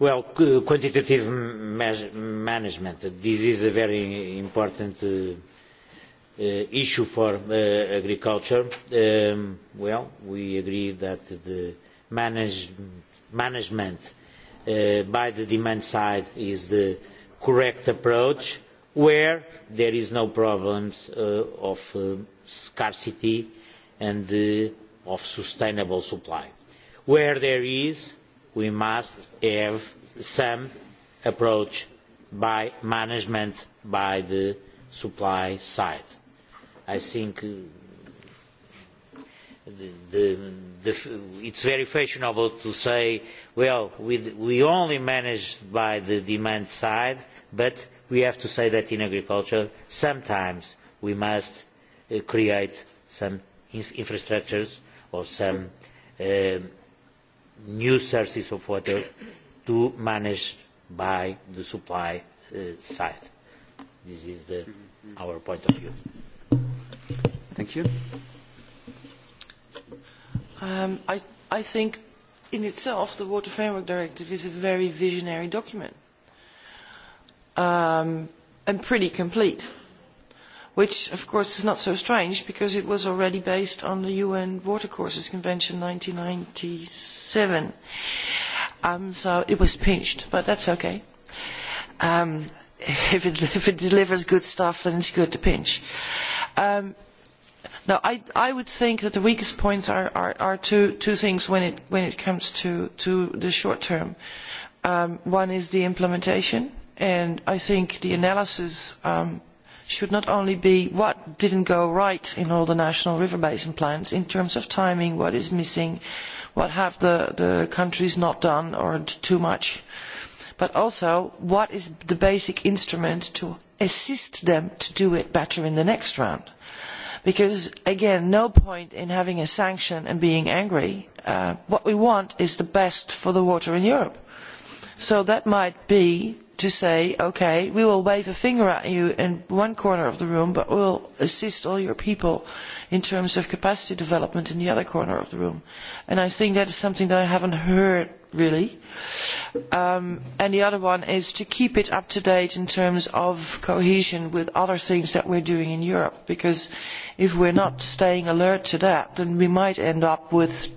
Well, quantitative management. This is a very important issue for agriculture. Well, we agree that the management by the demand side is the correct approach where there is no problems of scarcity and of sustainable supply Where there is, we must have some approach by management by the supply side. I think it's very fashionable to say, well, we only manage by the demand side, but we have to say that in agriculture sometimes we must create some infrastructures or some new sources of water to manage by the supply side. This is our point of view. Thank you. I think in itself the Water Framework Directive is a very visionary document and pretty complete which of course is not so strange because it was already based on the UN Watercourses Convention 1997. So it was pinched, but that's okay. If it delivers good stuff, then it's good to pinch. Now, I would think that the weakest points are two things when it comes to the short term. One is the implementation, and I think the analysis should not only be what didn't go right in all the national river basin plans in terms of timing, what is missing, what have the countries not done or too much, but also what is the basic instrument to assist them to do it better in the next round. Because, again, no point in having a sanction and being angry. What we want is the best for the water in Europe. So that might be to say, okay, we will wave a finger at you in one corner of the room, but we'll assist all your people in terms of capacity development in the other corner of the room. And I think that is something that I haven't heard really. And the other one is to keep it up to date in terms of cohesion with other things that we're doing in Europe, because if we're not staying alert to that, then we might end up with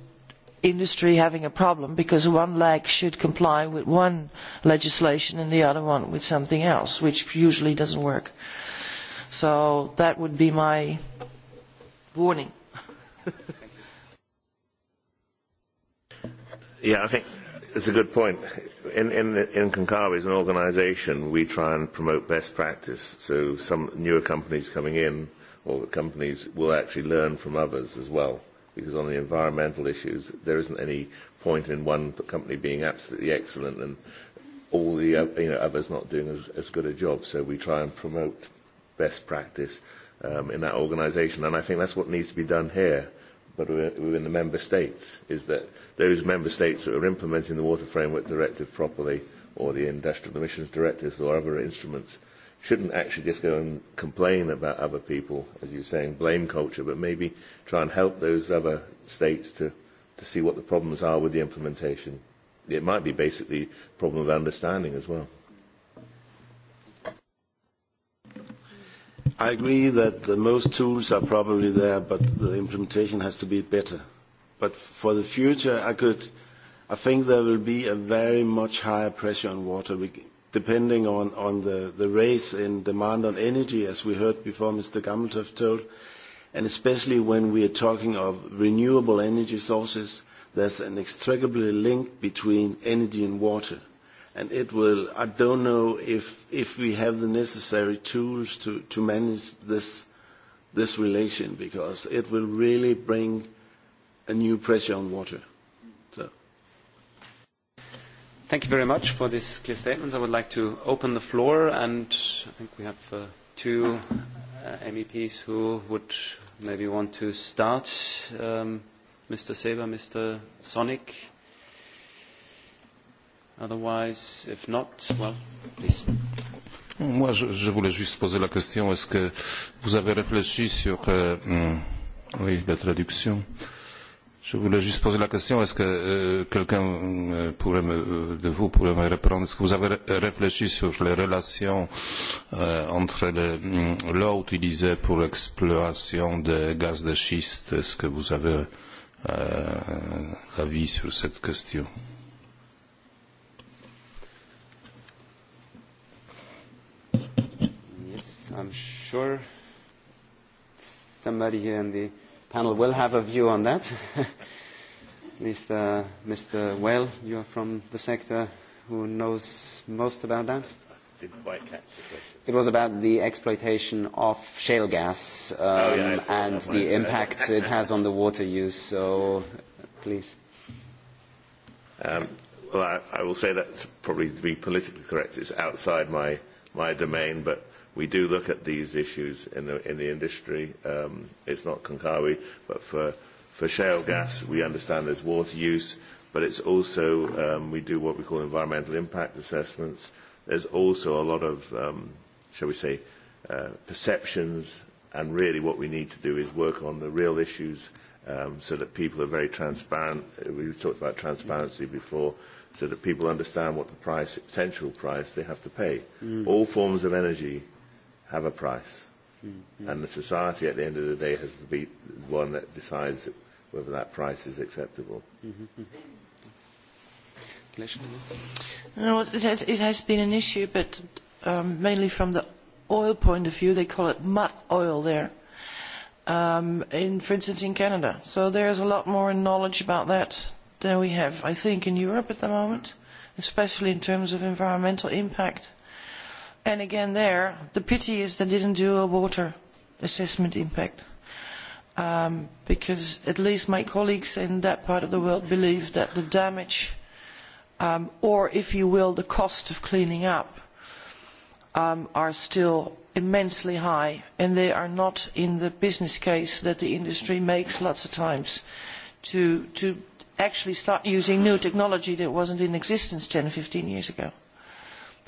industry having a problem because one leg should comply with one legislation and the other one with something else, which usually doesn't work. So that would be my warning. Yeah, I think it's a good point. In in in as an organisation, we try and promote best practice. So some newer companies coming in or companies will actually learn from others as well because on the environmental issues, there isn't any point in one company being absolutely excellent and all the you know, others not doing as, as good a job. So we try and promote best practice um, in that organisation. And I think that's what needs to be done here, but within the member states, is that those member states that are implementing the Water Framework Directive properly or the Industrial Emissions Directives or other instruments – shouldn't actually just go and complain about other people, as you're saying, blame culture, but maybe try and help those other states to, to see what the problems are with the implementation. It might be basically a problem of understanding as well. I agree that the most tools are probably there, but the implementation has to be better. But for the future, I could, I think there will be a very much higher pressure on water depending on the the race in demand on energy, as we heard before Mr. Gammeltoft told, and especially when we are talking of renewable energy sources, there's an inextricably link between energy and water. And it will, I don't know if we have the necessary tools to manage this relation, because it will really bring a new pressure on water. Thank you very much for this clear statement. I would like to open the floor, and I think we have two MEPs who would maybe want to start. Mr. Seber, Mr. Sonic. Otherwise, if not, well, please. Moi, je voulais juste poser la question. Est-ce que vous avez réfléchi sur... Oui, la traduction. Euh, Je voulais juste poser la question, est-ce que quelqu'un de vous pourrait me répondre Est-ce que vous avez réfléchi sur les relations entre l'eau utilisée pour l'exploitation de gaz de schiste Est-ce que vous avez avis sur cette question Yes, panel will have a view on that. Mr. Mr. Well, you are from the sector who knows most about that. It was about the exploitation of shale gas and the impact it has on the water use. So, please. Well, I will say that's probably to be politically correct. It's outside my my domain, but We do look at these issues in the in the industry. It's not Konkawi, but for for shale gas, we understand there's water use, but it's also we do what we call environmental impact assessments. There's also a lot of, shall we say, perceptions, and really what we need to do is work on the real issues so that people are very transparent. We've talked about transparency before so that people understand what the price, potential price they have to pay. All forms of energy have a price. And the society at the end of the day has to be the one that decides whether that price is acceptable. It has been an issue, but mainly from the oil point of view, they call it mud oil there, In, for instance in Canada. So there is a lot more knowledge about that than we have, I think, in Europe at the moment, especially in terms of environmental impact and again there the pity is they didn't do a water assessment impact because at least my colleagues in that part of the world believe that the damage or if you will the cost of cleaning up are still immensely high and they are not in the business case that the industry makes lots of times to actually start using new technology that wasn't in existence 10 or 15 years ago.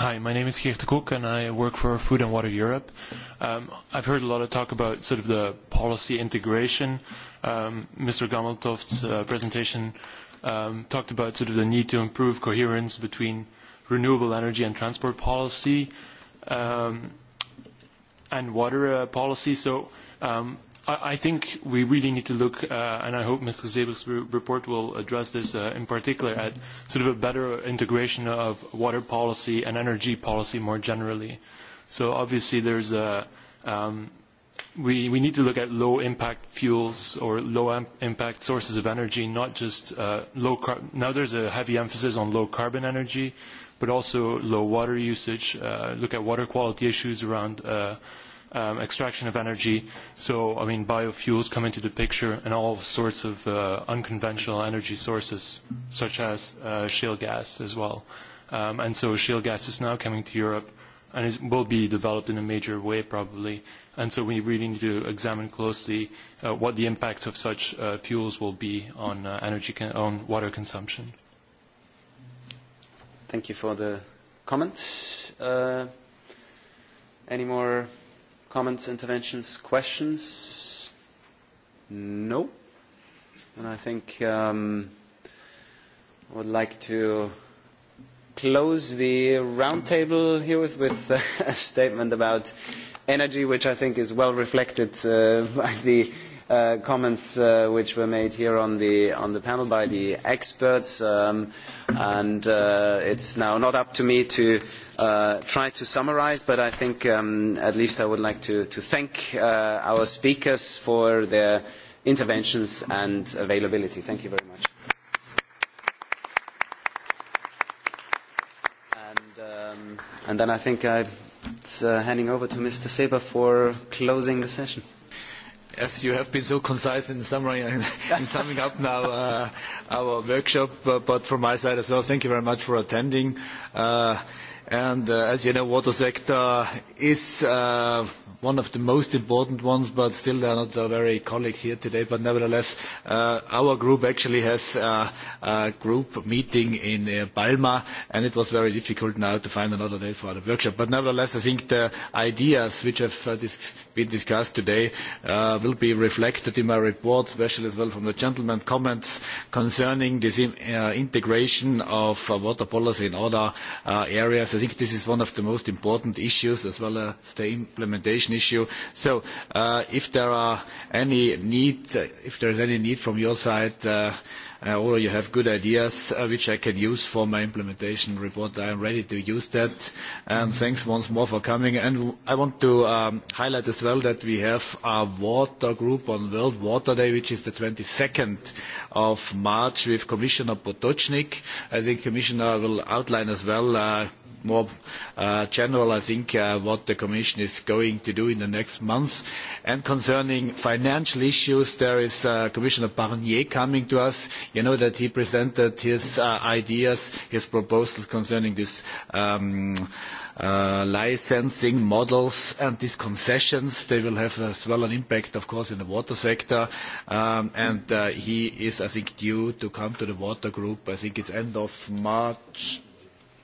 Hi, my name is Geert Koek and I work for Food and Water Europe. I've heard a lot of talk about sort of the policy integration. Mr. Gameltoft's presentation talked about sort of the need to improve coherence between renewable energy and transport policy and water policy. So I think we really need to look, and I hope Mr. Zebel's report will address this in particular, at sort of a better integration of water policy and energy policy more generally. So obviously there's a, we need to look at low-impact fuels or low-impact sources of energy, not just low Now there's a heavy emphasis on low-carbon energy, but also low water usage, look at water quality issues around extraction of energy. So, I mean, biofuels come into the picture and all sorts of unconventional energy sources, such as shale gas as well. And so shale gas is now coming to Europe and it will be developed in a major way probably. And so we really need to examine closely what the impacts of such fuels will be on energy on water consumption. Thank you for the comment. Any more Comments, interventions, questions? No. And I think I would like to close the roundtable here with a statement about energy, which I think is well reflected by the comments which were made here on the panel by the experts, and it's now not up to me to try to summarize, but I think at least I would like to thank our speakers for their interventions and availability. Thank you very much. And then I think I'm handing over to Mr. Seber for closing the session as you have been so concise in summing up now our workshop, but from my side as well, thank you very much for attending and as you know water sector is one of the most important ones but still there are not very colleagues here today but nevertheless our group actually has a group meeting in Palma and it was very difficult now to find another day for the workshop but nevertheless I think the ideas which have been discussed today will be reflected in my report especially as well from the gentlemen's comments concerning this integration of water policy in other areas I think this is one of the most important issues as well as the implementation issue. So if there are any need, if there is any need from your side or you have good ideas which I can use for my implementation report, I am ready to use that. And thanks once more for coming. And I want to highlight as well that we have a water group on World Water Day, which is the 22nd of March with Commissioner Potočnik. I think Commissioner will outline as well more general, I think, what the Commission is going to do in the next months. And concerning financial issues, there is Commissioner Barnier coming to us. You know that he presented his ideas, his proposals concerning this licensing models and these concessions. They will have as well an impact, of course, in the water sector. And he is, I think, due to come to the water group. I think it's end of March